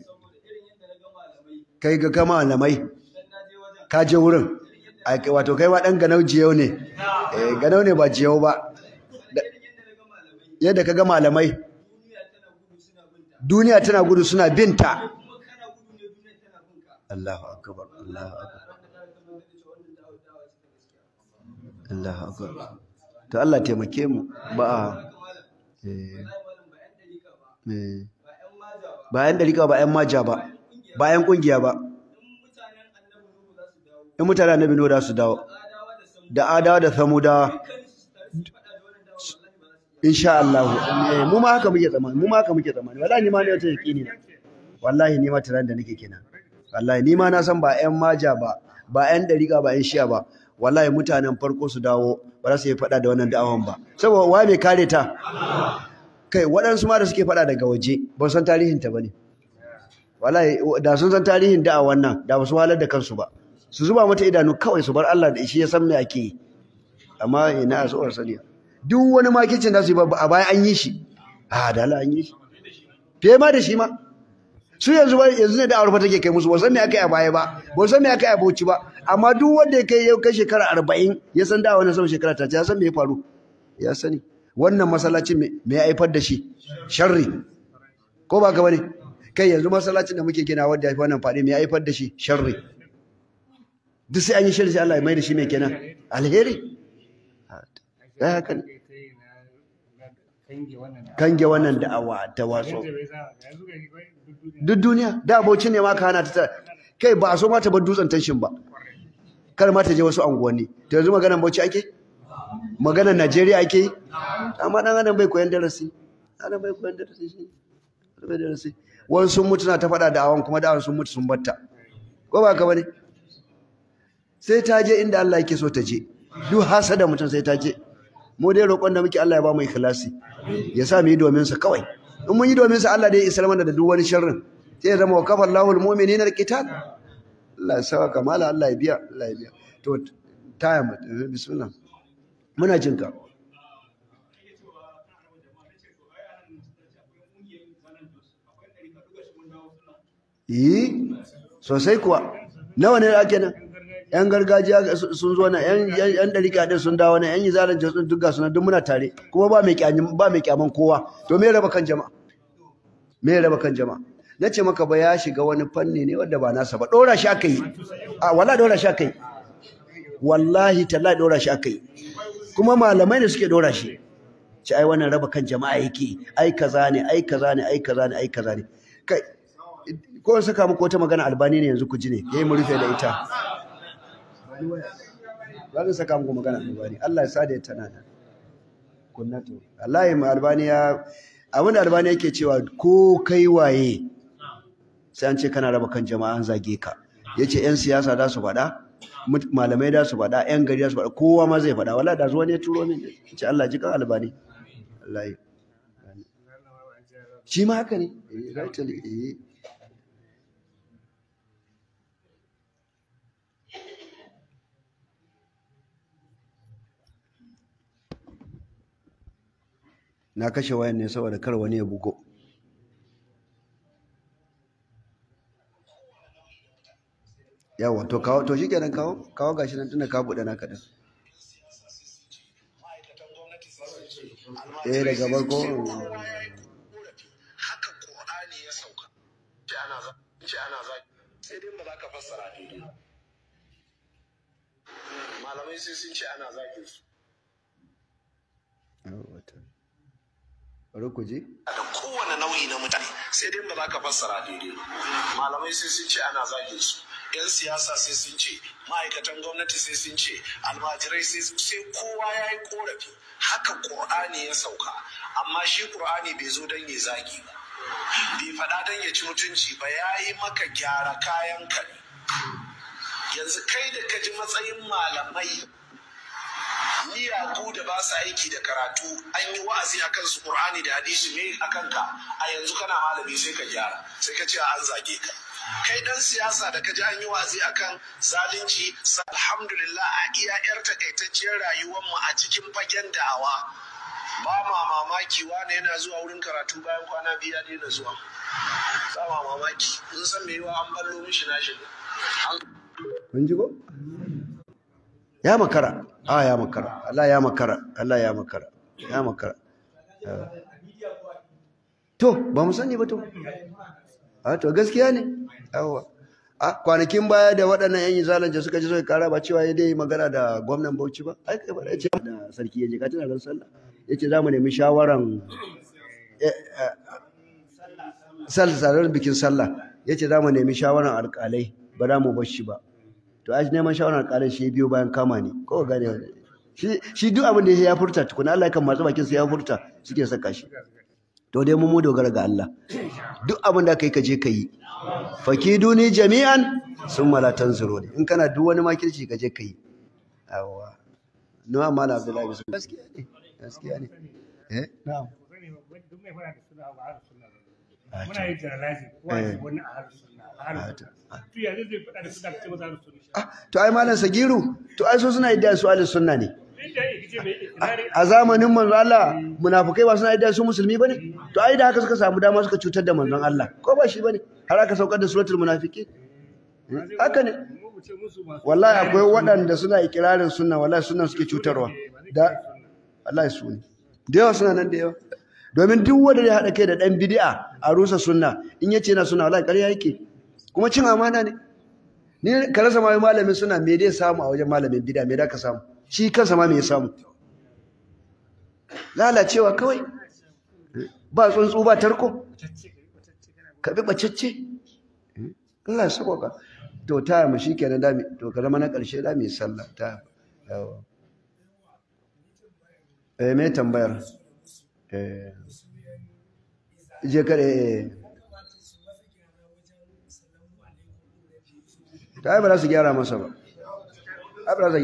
kai ga kama malamai ka je wurin wato kai ma ɗan ganau jiyau ne eh, ganau ne ba jiyau ba yadda ka ga malamai duniya tana gudu suna binta Allahu akbar Allahu akbar Allahu akbar to Allah taimake mu ba a eh, eh. bayan dariƙa ba ‘yan maja ba bayan ƙungiya ba in mutane annabi no da su dawo da adawa da samudawa insha Allah eh, mu ma haka muke tsammani mu ma haka muke tsammani wallahi ni ma ne wata yaqini na wallahi ni ma tunanin da nake kenan wallahi ni ma na san ba ƴan maja ba ba ƴan dariga ba ƴan shiya ba wallahi mutanen farko su dawo ba za su yi faɗa da wannan da'awan ba saboda wa mai kare ta kai waɗansu ma da suke faɗa daga waje ba san tarihin ta bane wallahi da sun san tarihin da'awan nan da ba su halar da kansu ba su zuba mata idanu kawai su bar Allah da shi ya san me ake yi amma ina so sani duk wani makicin da su yi a baya an yi shi a da an yi shi fiye ma da shi ma su yanzu yanzu ne da aure take kai musu wasan me aka yi a baya ba wasan me aka yi a bauchi ba amma duk wanda ya kai yau kai shekara arba'in ya san da wani sama shekara ta ya san me ya faru ya sani wannan masallacin me ya haifar da shi sharri ko ba gaba ne kai yanzu masallacin da muke gina wanda ya fi wannan faɗi me ya haifar da shi sharri duk sai an yi shari sai Allah ya mai da shi mai kenan alheri ya haka ne kange wannan awa ta waso duk duniya da aboci ne ma ka hana ta kai ba a so ma ta bar dutsen tashin ba kar ma ta je wasu anguwanni ta yanzu maganar bauchi ake maganar najeriya ake amma dan adam bai koyan darasi adam bai koyan darasi shi bai darasi wani sun mutu na ta faɗa da awon kuma da'awan sun mutu sun batta ko ba ka bane sai ta je inda Allah yake so ta je duk hasada mutum sai ta je mu dai roƙon da muke Allah ya ba mu ikhlasi ya sa mu yi domin sa kawai in mun yi domin sa Allah dai ya islamar da duk wani sharrin sai ya zama wa kafa Allahul mu'minina alqital Allah ya saka kamala Allah ya biya Allah ya biya to taya bismillah muna jin ka yi sosai kuwa nawa ne ake nan yan gargajiya sun zo na yan ɗarika ɗin sun dawo na yan yi zalar jasun duk ga suna duk muna tare kuma ba mai kyaman kowa to me raba kan jama'a me raba kan jama'a na ce maka ba ya shiga wani fanni ne wanda ba nasa ba ɗora shi aka yi a wala ɗora shi aka yi wallahi talla ɗora shi aka yi kuma malamai ne suke ɗora shi ci ai wannan raba kan jama'a yake ai kaza ne ai kaza ne ai kaza ne ai kaza ne kai ko saka muku wata magana albani ne yanzu ku ji ne yayi mu rufe da ita ba zan saka muku magana albani Allah ya sada tana nan kunnatu wallahi ma albani ya abin da albani yake cewa ko kai waye sai an ce kana raba kan jama'an an zage ka yace yan siyasa da su faɗa malamai da su faɗa yan gari da su faɗa kowa ma zai faɗa wallahi da zuwa ne turo min ce Allah ji kan albani wallahi shi ma haka ne eh rightly eh na kashe wayan ne saboda kar wani ya bugo yawa to kawo to shikenan kawo kawo gashi nan tunda ka bude naka din eh daga barko haka
qur'ani ya sauka ce ana
ce ana sai dai ba za ka fassara daidai malamai sai sun ce ana zagin su bari ku je da kowane nau'i na mutane sai dai ba za ka fassara daidai ba. malamai sai sun ce ana zagin su yan siyasa sai sun ce ma'aikatan gwamnati sai sun ce almajirai sai kowa ya yi korafi haka ƙur'ani ya sauka amma shi ƙur'ani bai zo don ya zagi ba bai faɗa don ya ci mutunci ba ya yi maka gyara kayan ka ne yanzu kai da ka ji matsayin malamai miyagu da ba sa aiki da karatu an yi wa'azi a kansu qur'ani da hadisi ne a kanka a yanzu kana malami sai ka gyara sai ka ce an zage ka kai dan siyasa da ka ji an yi wa'azi akan zalunci alhamdulillah a iya yar takaitacciyar rayuwar mu a cikin fagen da'awa ba ma mamaki wane yana zuwa wurin karatu bayan kwana biyu ya daina zuwa ba ma mamaki in san me yiwa an ballo mishi nashi an ji ko ya makara a ya makara Allah ya makara Allah ya makara ya makara to ba mu sani ba to a to gaskiya ne yawa a kwanakin baya da waɗannan yan zalunci suka ji suka kara ba cewa ya dai magana da gwamnan Bauchi ba ai kai ba ce da sarki ya je ka tana ran sallah yace za mu nemi shawaran sallah bikin sallah yace za mu nemi shawaran alƙalai ba za mu bar shi ba to aji neman shawarar ƙarar shi biyo bayan kama ne ko gane wani shi duk abin da ya furta tukuna Allah kan masu bakin su ya furta suke saka shi to dai mun mu dogara ga Allah duk abin da kai ka je ka yi fakiduni jami'an sun mala tanzuro in kana duk wani makirci ka je ka yi awwa na'am mala abdullahi gaskiya ne gaskiya ne eh na'am ah,
muna yi eh. wani a
Ah, to ai malam sagiru to ai so suna idda su alis sunna ne a zamanin manzon Allah munafukai ba suna idda su musulmi bane to ai da haka suka samu dama suka cutar da manzon Allah ko ba shi bane har aka saukar da suratul munafiki? Hmm? haka ne wallahi akwai waɗanda suna ikirarin sunna wallahi sunna suke cutarwa da wallahi su ne da yawa suna nan da yawa domin duk wanda ya haɗa kai da ɗan bidi'a a rusa sunna in yace yana sunna wallahi ƙarya yake kuma cin amana ne ni ka rasa ma malamin suna me dai samu a wajen malamin bid'a me da ka samu shi kansa ma me ya samu lalacewa kawai ba tsuntsu ba tarko ka bi bacacce Allah ka to ta mu shikenan da to ka zama na karshe da me sallah ta yawa eh me tambayar eh je kare eh, eh. ta ai ba za su gyara masa ba ai ba za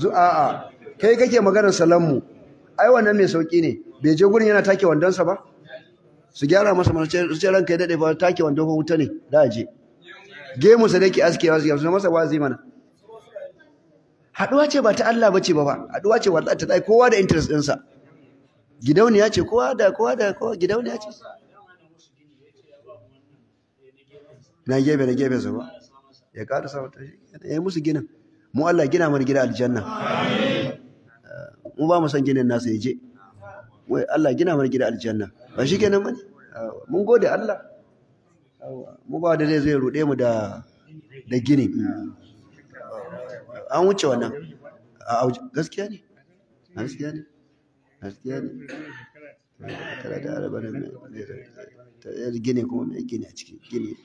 su a kai kake maganar salammu ai wannan mai sauki ne bai je gurin yana take wandonsa ba su gyara masa masu ce ranka ya daɗe ba take wando ko wuta ne da je gemu sa dake aske wasu gyara masa wazi mana haɗuwa ce ba ta Allah ba ce ba ba haɗuwa ce wadda ta tsaye kowa da interest ɗinsa gidauniya ce kowa da kowa da kowa gidauniya ce na gefe da gefe su ba ya ƙara sa mata shi ya musu ginin mu Allah gina mana gida aljanna mu ba mu san ginin nasu ya je wai Allah gina mana gida aljanna ba shi kenan bane mun gode Allah mu ba da zai zai rude mu da da gini an wuce wannan gaskiya ne gaskiya ne gaskiya ne kada da araba ne gini kuma mai gini a ciki gini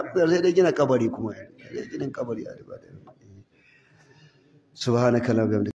sai dai gina kabari kuma sai kabari a riba da eh. subhanaka